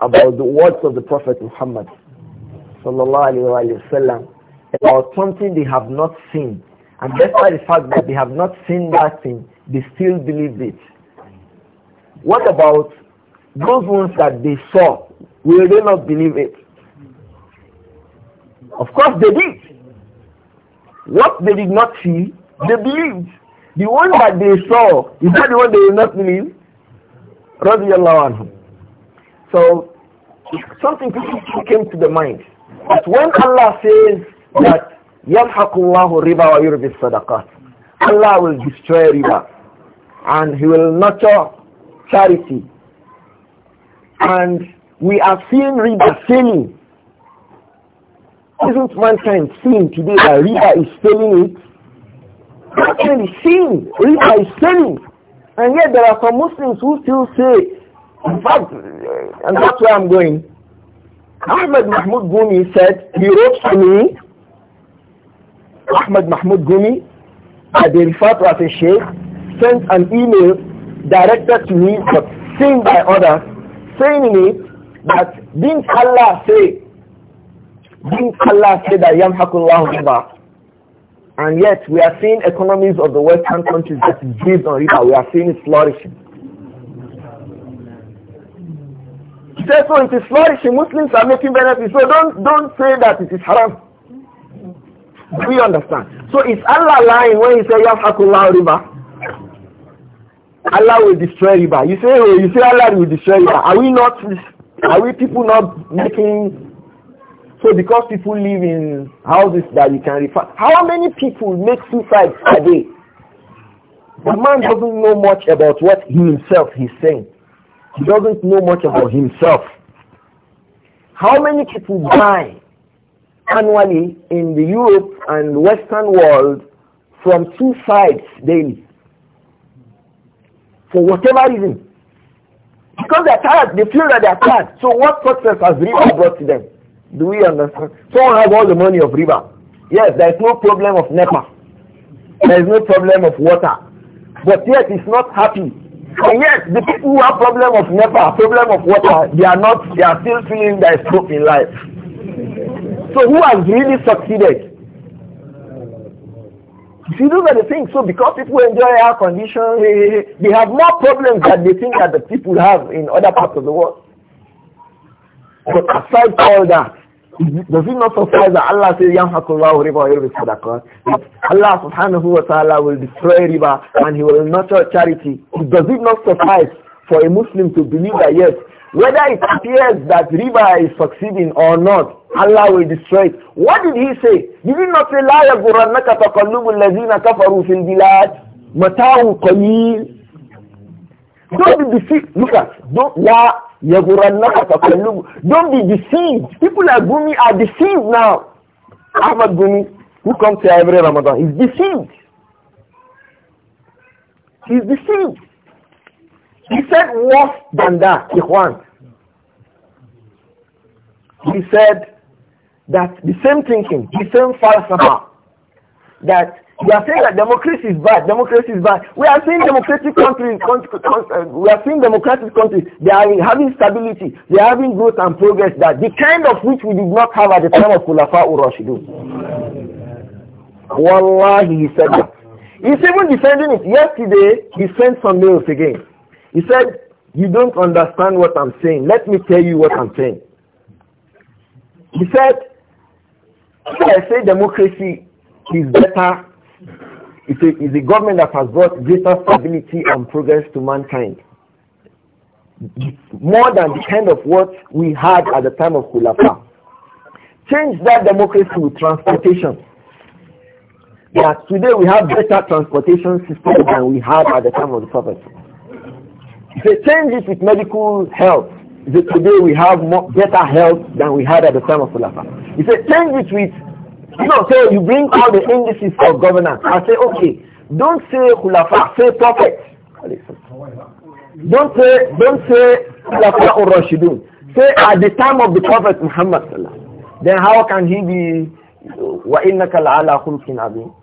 A: about the words of the Prophet Muhammad sallallahu alaihi wasallam, about something they have not seen, and despite the fact that they have not seen that thing, they still believe it. What about those ones that they saw? Will they not believe it? Of course they did. What they did not see, they believed. The one that they saw, is that the one they did not believe? Radiallahu So, something came to the mind. But when Allah says that, يَمْحَقُ اللَّهُ riba wa yurbi Allah will destroy riba and he will nurture charity. And we are seeing riba failing isn't mankind seeing today that riba is selling it? Mankind is seeing riba is selling. And yet there are some Muslims who still say, in fact,
B: uh,
A: and that's where I'm going. Ahmed Mahmoud Gumi said, he wrote to me, Ahmed Mahmoud Gumi, that they refer to as a sheikh, sent an email directed to me, but seen by others, saying in it that didn't Allah say didn't Allah Yamhakullahu riba? And yet we are seeing economies of the Western countries that is based on riba. We are seeing it flourishing. "So it is flourishing. Muslims are making benefits. So don't, don't say that it is haram. We understand? So is Allah lying when he says Yamhakullahu riba? Allah will destroy riba. You say, oh, you say Allah will destroy riba. Are we not, are we people not making so because people live in houses that you can refer, how many people make suicide a day? The man doesn't know much about what he himself is saying. He doesn't know much about himself. How many people die annually in the Europe and Western world from suicides daily? For whatever reason. Because they're tired, they feel that they're tired. So what success has really brought to them? Do we understand? Someone has all the money of river. Yes, there is no problem of NEPA. There is no problem of water. But yet it's not happy. And yet, the people who have problem of NEPA, problem of water, they are not, they are still feeling their hope in life. So who has really succeeded? See, those are the things. So because people enjoy air condition, they have more problems than they think that the people have in other parts of the world. But aside all that, does it not suffice that Allah says, Yamhakullahu riba irbi sadaqah? Allah subhanahu wa ta'ala will destroy riba and he will nurture charity. Does it not suffice for a Muslim to believe that yes, whether it appears that riba is succeeding or not, Allah will destroy it. What did he say? Did he not say, لا يغرنك تقلب الذين كفروا في البلاد متاع قليل? Don't be deceived. Look at, don't, la don't be deceived. People like Gumi are deceived now. Ahmad Gumi, who comes here every Ramadan, is deceived. He's deceived. He said worse than that, Ikhwan. He said that the same thinking, the same falsafa, that we are saying that democracy is bad, democracy is bad. We are seeing democratic countries, uh, we are seeing democratic countries, they are having stability, they are having growth and progress that the kind of which we did not have at the time of Khulafa Urashidun. Wallahi, he said that. He's even defending it. Yesterday, he sent some mails again. He said, you don't understand what I'm saying. Let me tell you what I'm saying. He said, I say democracy is better it's a, government that has brought greater stability and progress to mankind. More than the kind of what we had at the time of Kulapa. Change that democracy with transportation. That today we have better transportation system than we had at the time of the Prophet. They change it with medical health. They, today we have more, better health than we had at the time of Kulapa. If they change it with you know, so you bring out the indices of governance I say, okay, don't say khulafa, say prophet. Don't say, don't say khulafa or Rashidun. Say at the time of the Prophet Muhammad Then how can he be وَإِنَّكَ لَعَلَىٰ خُلْقٍ عَظِيمٍ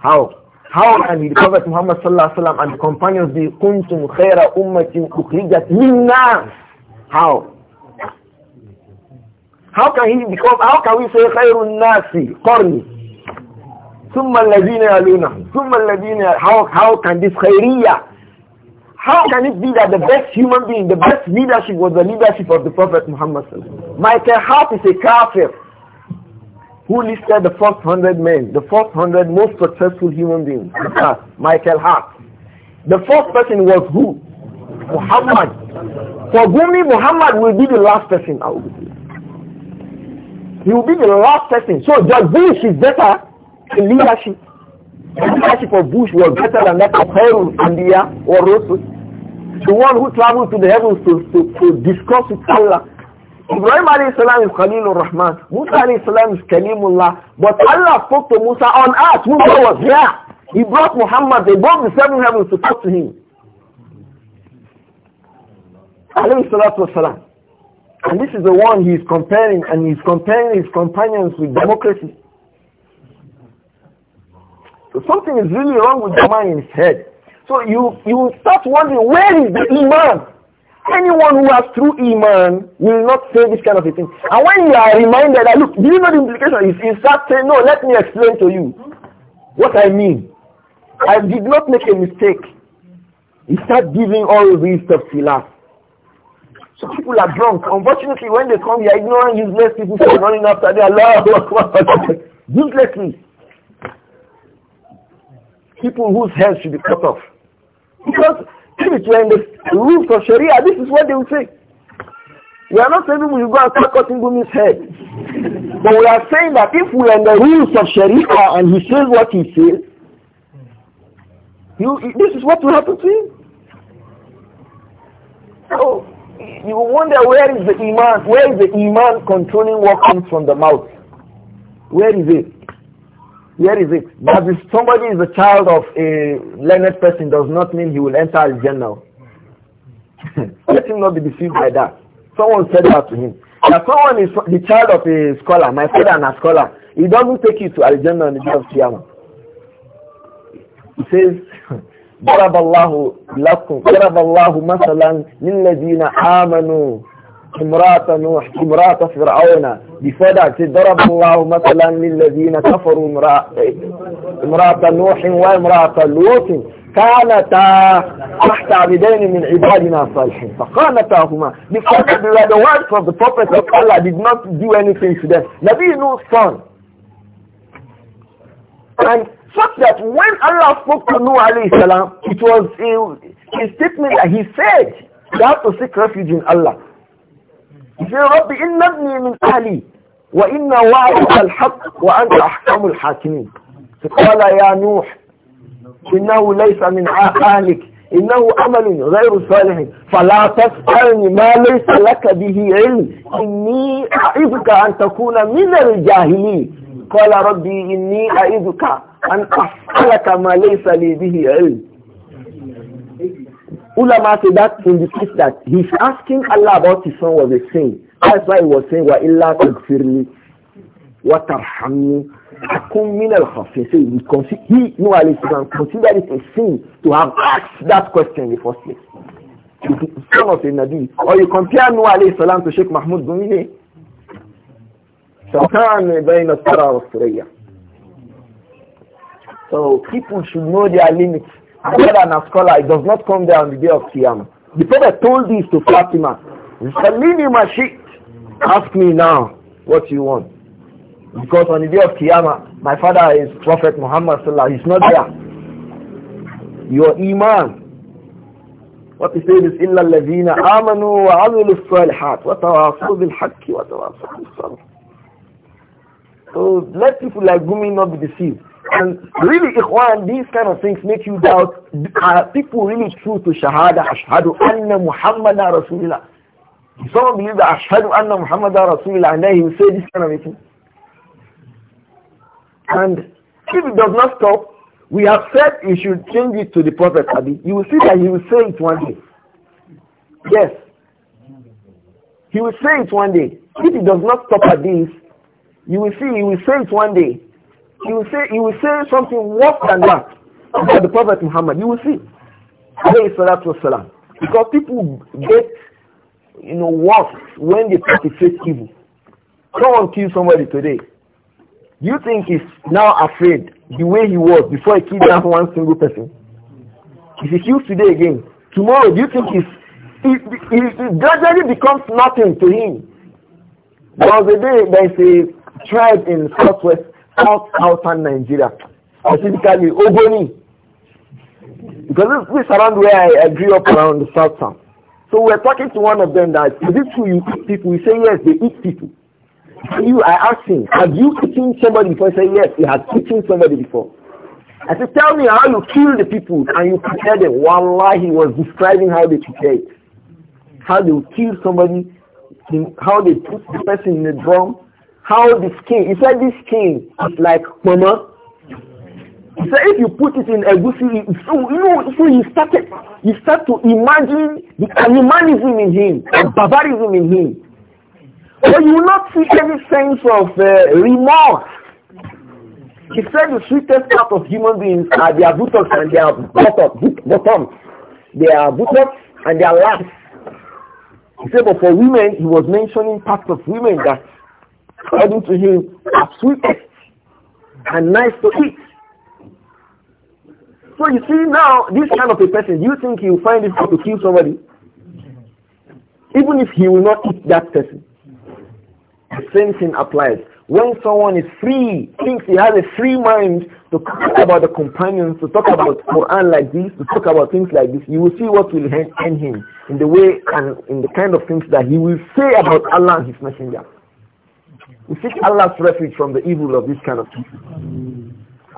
A: How? how can the Prophet Muhammad sallallahu alaihi wasallam and the companions be kuntum khaira ummatin ukhrijat minna how how can he become, how can we say khairun nasi, qarni? ثم الذين يلونهم ثم الذين how how can this khairiyah how can it be that the best human being the best leadership was the leadership of the prophet muhammad michael hart is a kafir who listed the first hundred men the first hundred most successful human beings michael hart the first person was who muhammad for whom muhammad will be the last person out he will be the last person. So George Bush is better in leadership. The leadership of Bush was better than that of Herod and the or Rosus. The one who traveled to the heavens to, to, to discuss with Allah. Ibrahim alayhi salam is Khalilur Rahman. Musa alayhi salam is Kalimullah. But Allah spoke to Musa on earth. Musa was here. He brought Muhammad. They brought the seven heavens to talk to him. Alayhi and this is the one he is comparing, and he's comparing his companions with democracy. So something is really wrong with the man in his head. So you, you start wondering, where is the Iman? Anyone who has true Iman will not say this kind of a thing. And when you are reminded that, look, do you know the implication? You start saying, no, let me explain to you what I mean. I did not make a mistake. You start giving all these last people are drunk. Unfortunately, when they come they are ignorant, useless people start running after their love. Uselessly. People whose heads should be cut off. Because if it are in the rules of Sharia, this is what they will say. We are not saying we will go and start cutting Gumi's head. But we are saying that if we are in the rules of Sharia and he says what he says, you, this is what will happen to him. So, you wonder where is the iman, where is the iman controlling what comes from the mouth? Where is it? Where is it? But if somebody is a child of a learned person does not mean he will enter his Jannah. Let him not be deceived by that. Someone said that to him. That someone is the child of a scholar, my father and a scholar. He doesn't take you to Al-Jannah on the day of Qiyamah. He says, ضرب الله لكم ضرب الله مثلا للذين آمنوا امرأة نوح امرأة فرعون بفدع ضرب الله مثلا للذين كفروا امرأة نوح وامرأة لوط كانتا تحت عبدين من عبادنا صالحين فقامتاهما because they the words of the prophet of Allah did not do anything to them نبي نوح son and Such that when Allah spoke to Noah alayhi salam, it was a, a statement that he said, you have to seek refuge in Allah. He said, Rabbi, inna abni min ahli, wa inna wa'adika al-haq, wa anta ahkamu ahkamul hakimin. فقال يا نوح إنه ليس من أهلك إنه عمل غير صالح فلا تسألني ما ليس لك به علم إني أعذك أن تكون من الجاهلين قال ربي إني أعذك and as'alaka ma laysa li bihi ilm. Ulama say that case that he's asking Allah about his son was a sin. That's why he was saying, wa illa tagfirli wa tarhamni akun min al khafin. So he, consider, he, no alayhi salam, consider it a sin to have asked that question in the first place. Son of a Nabi. Or you compare no alayhi salam to Sheikh Mahmoud Gumine. شيطان بين الثرى والثريا so people should know their limits. Rather than scholar, it does not come there on the day of Qiyamah. The Prophet told this to Fatima. Salini Mashik, ask me now what you want. Because on the day of Qiyamah, my father is Prophet Muhammad Sallallahu He's not there. Your Iman. What he said is, إِلَّا الَّذِينَ آمَنُوا وَعَمِلُوا الصَّالِحَاتِ وَتَوَاصَوْا بِالْحَقِّ وَتَوَاصَوْا بِالصَّبْرِ So let people like Gumi not be deceived. And really, Ikhwan, these kind of things make you doubt, are people really true to Shahada, Ashhadu Anna Muhammadan Rasulullah? Some believe that Ashhadu Anna Muhammadan Rasulullah, and then he will say this kind of thing. And if it does not stop, we have said you should change it to the Prophet Abi. You will see that he will say it one day. Yes. He will say it one day. If it does not stop at this, you will see he will say it one day. You will say you will say something worse than that about the Prophet Muhammad. You will see. Alayhi salatu wasalam. Because people get you know worse when they participate. evil. Someone kill somebody today. You think he's now afraid the way he was before he killed that one single person? If he kills today again, tomorrow do you think he's he gradually becomes nothing to him. There was a day there is a tribe in southwest South Outer Nigeria, specifically Ogoni. Because this, this around where I, I grew up around the South Town. So we're talking to one of them that, is it true you eat people? We say, yes, they eat people. You, I asked him, have you eaten somebody before? He said, yes, he has eaten somebody before. I said, tell me how you kill the people and you prepare them. One lie, he was describing how they prepare it. How they kill somebody, how they put the person in the drum, how the skin, he said this skin is like mama. He said if you put it in a goosey, so, you know, so he started, He start to imagine the animalism in him, the barbarism in him. But you will not see any sense of uh, remorse. He said the sweetest part of human beings are their buttocks and their bottom, bottom. are buttocks and their laps. He said, but for women, he was mentioning parts of women that according to him are sweet and nice to eat. So you see now, this kind of a person, do you think he will find it hard to kill somebody? Even if he will not eat that person. The same thing applies. When someone is free, thinks he has a free mind to talk about the companions, to talk about Quran like this, to talk about things like this, you will see what will end him in the way and in the kind of things that he will say about Allah and His Messenger. We seek Allah's refuge from the evil of this kind of people.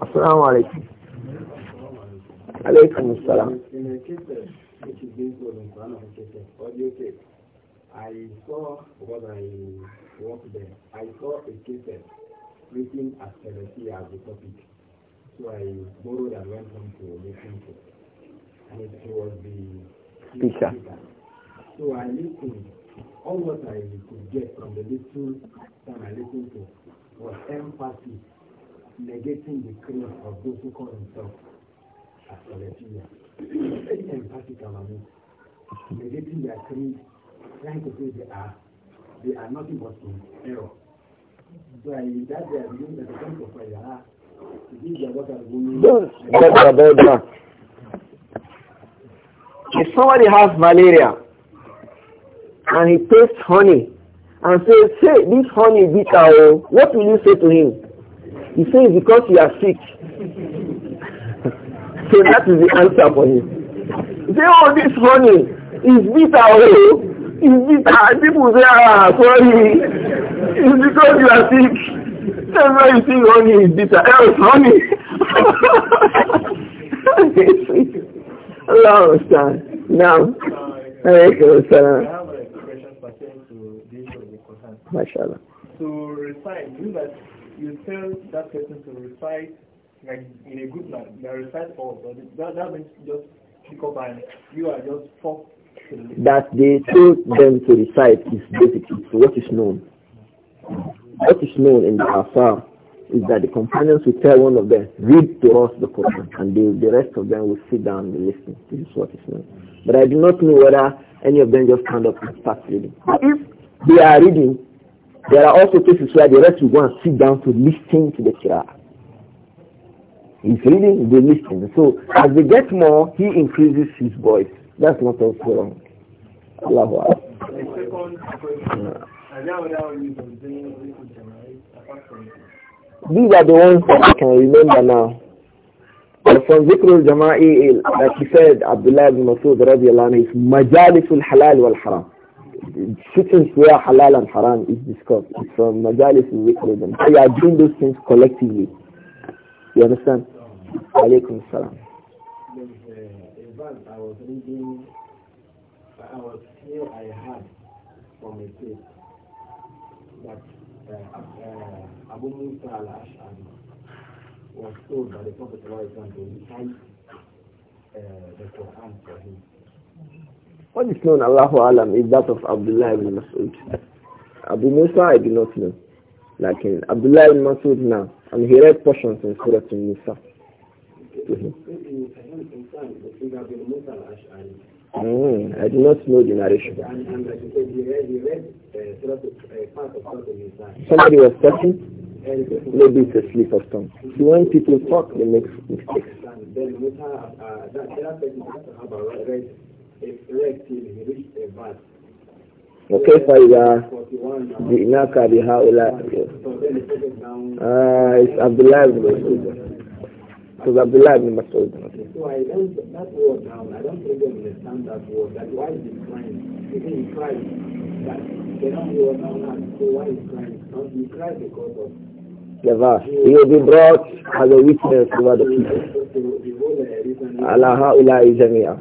A: Assalamu alaikum. Alaikum assalam.
B: In a case which is being told in Quran of audio tape, I saw, what I walked there, I saw a case written as Celestia as the topic. So I borrowed and went home to listen to it. And it was the speaker. So I listened All what I could get from the little that I listened to was empathy, negating the claim of those who call themselves as Palestinians. Very empathic about it. Negating their creed, trying to say they are, they are nothing but in error. So I, that they are doing that they to prayer. These are what are women.
A: Don't about that. If somebody has malaria, and he tastes honey and says, Say, this honey bitter, what will you say to him? He says, Because you are sick. so that is the answer for him. Say, Oh, this honey is bitter, oh, is bitter. And people say, Ah, sorry, Is because you are sick. That's why you think honey is bitter. Else, honey. Allah understand. Now, عليكم السلام MashaAllah.
B: So recite, you that you tell that person to recite like in a good manner, they recite all, but that, that means just pick up and you are just forced
A: that they told them to recite is basically what is known. What is known in the Asar is that the companions will tell one of them, read to us the Quran, and they, the rest of them will sit down and listen. This is what is known. But I do not know whether any of them just stand up and start reading. If they are reading, there are also cases where the rest will go and sit down to listen to the Qira'ah. He's reading, they listen. So as they get more, he increases his voice. That's not also wrong. Allahu Akbar. These are the ones that I can remember now. But from Zikrul Jama'i, like he said, Abdullah ibn Masud radiallahu anhu, is Majalis al-Halal wal-Haram. Fittings where halal and haram is discussed. It's from Majalis and Wikradam. So you are doing those things collectively. You understand? Alaykum salam.
B: Uh, I was reading, I was here, I heard from a place that uh, uh, Abu Musa al-Ash'ari was told by the Prophet to recite uh, the Quran for him.
A: What is known, Allahu Alam, is that of Abdullah ibn Mas'ud. Abu Musa, I do not know. Like in Abdullah ibn Mas'ud now, and he read portions in Surah al Musa. Mm, mm-hmm. I do not know the narration. And,
B: like he he said, read, part of Surah al Musa. Somebody was
A: talking.
B: Maybe it's
A: a slip of tongue. See, when people talk, they make mistakes. وكيف إذا جئناك بهؤلاء آه عبد الله بن مسعود because Abdullah ibn Mas'ud so
B: I don't that word now I don't really understand that word that why is crying even he cried that they don't know now so why is crying because he cried because of
A: Never. He will be brought as a witness over the people.
B: Allah ha'ulai jami'a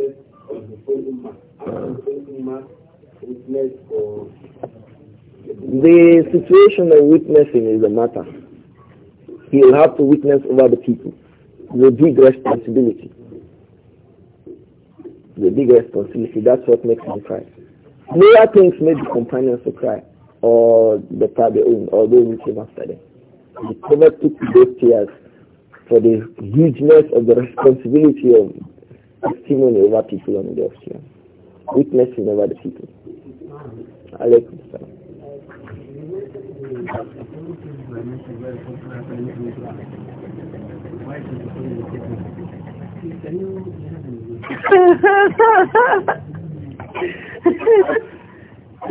B: of the ummah. the ummah, for...
A: The situation of witnessing is a matter. He will have to witness over the people. The big responsibility. The big responsibility. That's what makes him cry. Lower things made the companions to cry, or the own, or those who came after them. The Prophet took those tears for the hugeness of the responsibility of testimony over people on the day witnessing over the people. Alaykum salam.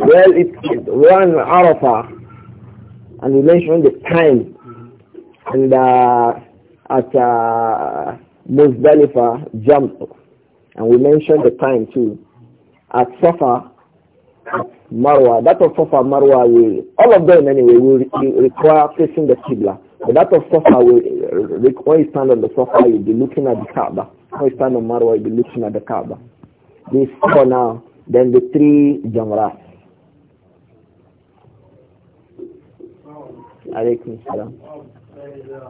A: well, it, one are in Arafah, and we mentioned the time, and uh, at uh, Muzdalifah, Jam, and we mentioned the time too. At Safa, Marwa, that of Safa, Marwa, will, all of them anyway, will, require facing the Qibla. But that of Safa, will, when you stand on the Safa, you'll be looking at the Kaaba. When you stand on Marwa, you'll be looking at the Kaaba. This for now, then the three Jamrat. Alaykum salam. Uh,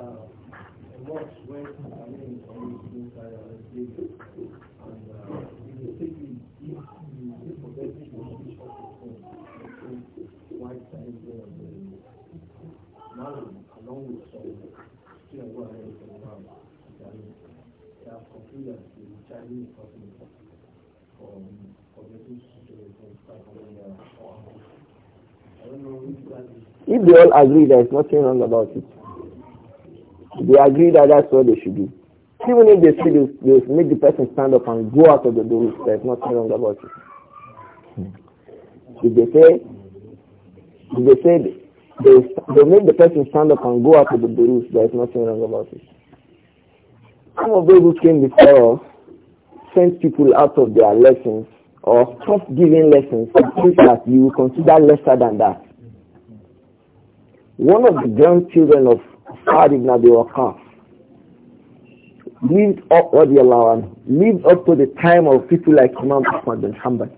A: If they all agree, there is nothing wrong about it. They agree that that's what they should do. Even if they say this, they make the person stand up and go out of the door, there is nothing wrong about it. If they say, if they say they, they make the person stand up and go out of the door, there is nothing wrong about it. Some of those who came before us sent people out of their lessons or stopped giving lessons things that you consider lesser than that. One of the grandchildren of sa ibn Abi Waqqas lived up, lived up to the time of people like Imam Ahmad bin Hanbal.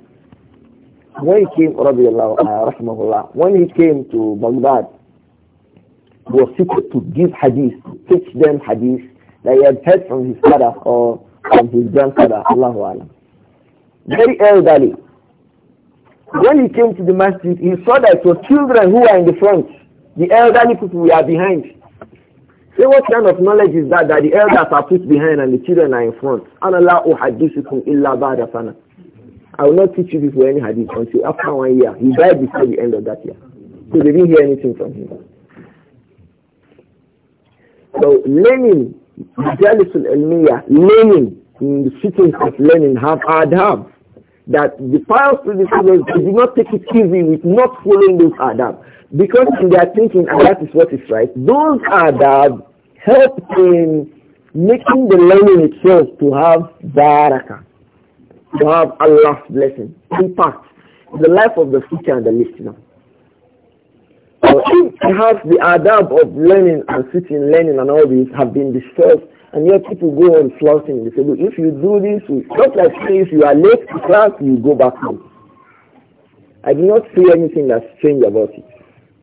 A: When he came, when he came to Baghdad, he was seeking to give hadith, to teach them hadith that he had heard from his father or from his grandfather, Allahu Alam. Very elderly. When he came to the masjid, he saw that it was children who were in the front. The elderly people we are behind. Say what kind of knowledge is that that the elders are put behind and the children are in front? illa I will not teach you before any hadith until after one year. He died before the end of that year. So they didn't hear anything from him. So learning, majalisul ilmiya, learning, in the cities of learning have adab. That the pious predecessors did not take it easy with not following those adab. Because in their thinking, and that is what is right, those are the help in making the learning itself to have baraka, to have Allah's blessing, impact in the life of the teacher and the listener. So if perhaps the adab of learning and sitting, learning and all these have been disturbed, and yet people go on flouting. They say, well, if you do this, just like say if you are late to class, you go back home. I do not see anything that's strange about it.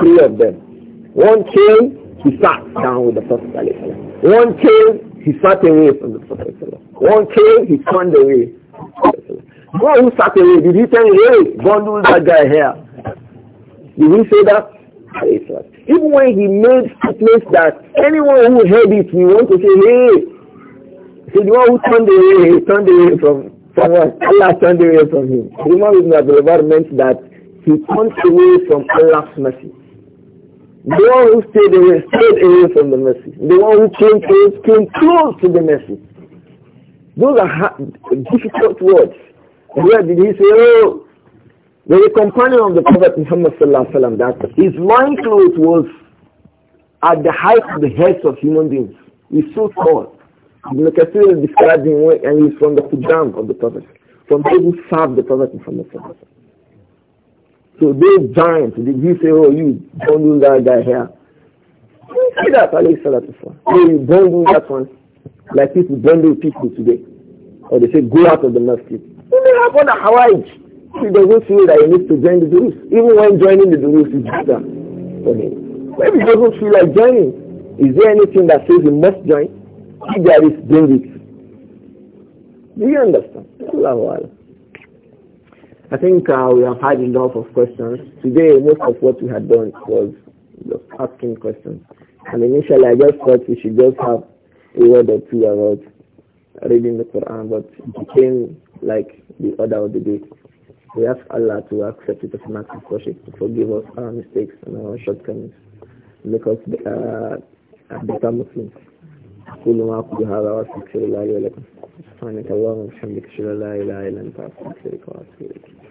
A: three of them. One came, he sat down with the Prophet One came, he sat away from the Prophet One came, he turned away. Go who sat away, did he tell you, hey, bundle that guy here? Did he say that? Even when he made statements that anyone who heard it, we want to say, hey, so the one who turned away, he turned away from, from Allah turned away from him. The Imam Ibn meant that he turned away from Allah's mercy. The one who stayed away, stayed away from the mercy. The one who came close, came close to the mercy. Those are difficult words. Where did he say, oh, the companion of the Prophet Muhammad sallallahu alaihi wasallam, that his loincloth was at the height of the heads of human beings. He's so tall. Ibn Kathir described him and he's from the Qudam of the Prophet, from those who served the Prophet Muhammad sallallahu alaihi so those giants, did you say, oh, you bundle that guy here? You see that, alayhi salatu Oh, you bundle that one. Like people bundle people today. Or they say, go out of the mosque. You may have the Hawaj. He doesn't feel that he needs to join the Durus. Even when joining the Durus is better for him. Maybe he doesn't feel like joining. Is there anything that says he must join? If there is, bring it. Do you understand? Allahu Allah. I think uh, we have had enough of questions. Today, most of what we had done was just asking questions. And initially, I just thought we should just have a word or two about reading the Quran, but it became like the order of the day. We ask Allah to accept it as a act of worship, to forgive us our mistakes and our shortcomings, make us uh, better Muslims. كل ما أقول هذا وأستغفر الله لي ولكم سبحانك اللهم وبحمدك أشهد أن لا إله إلا أنت أستغفرك وأتوب إليك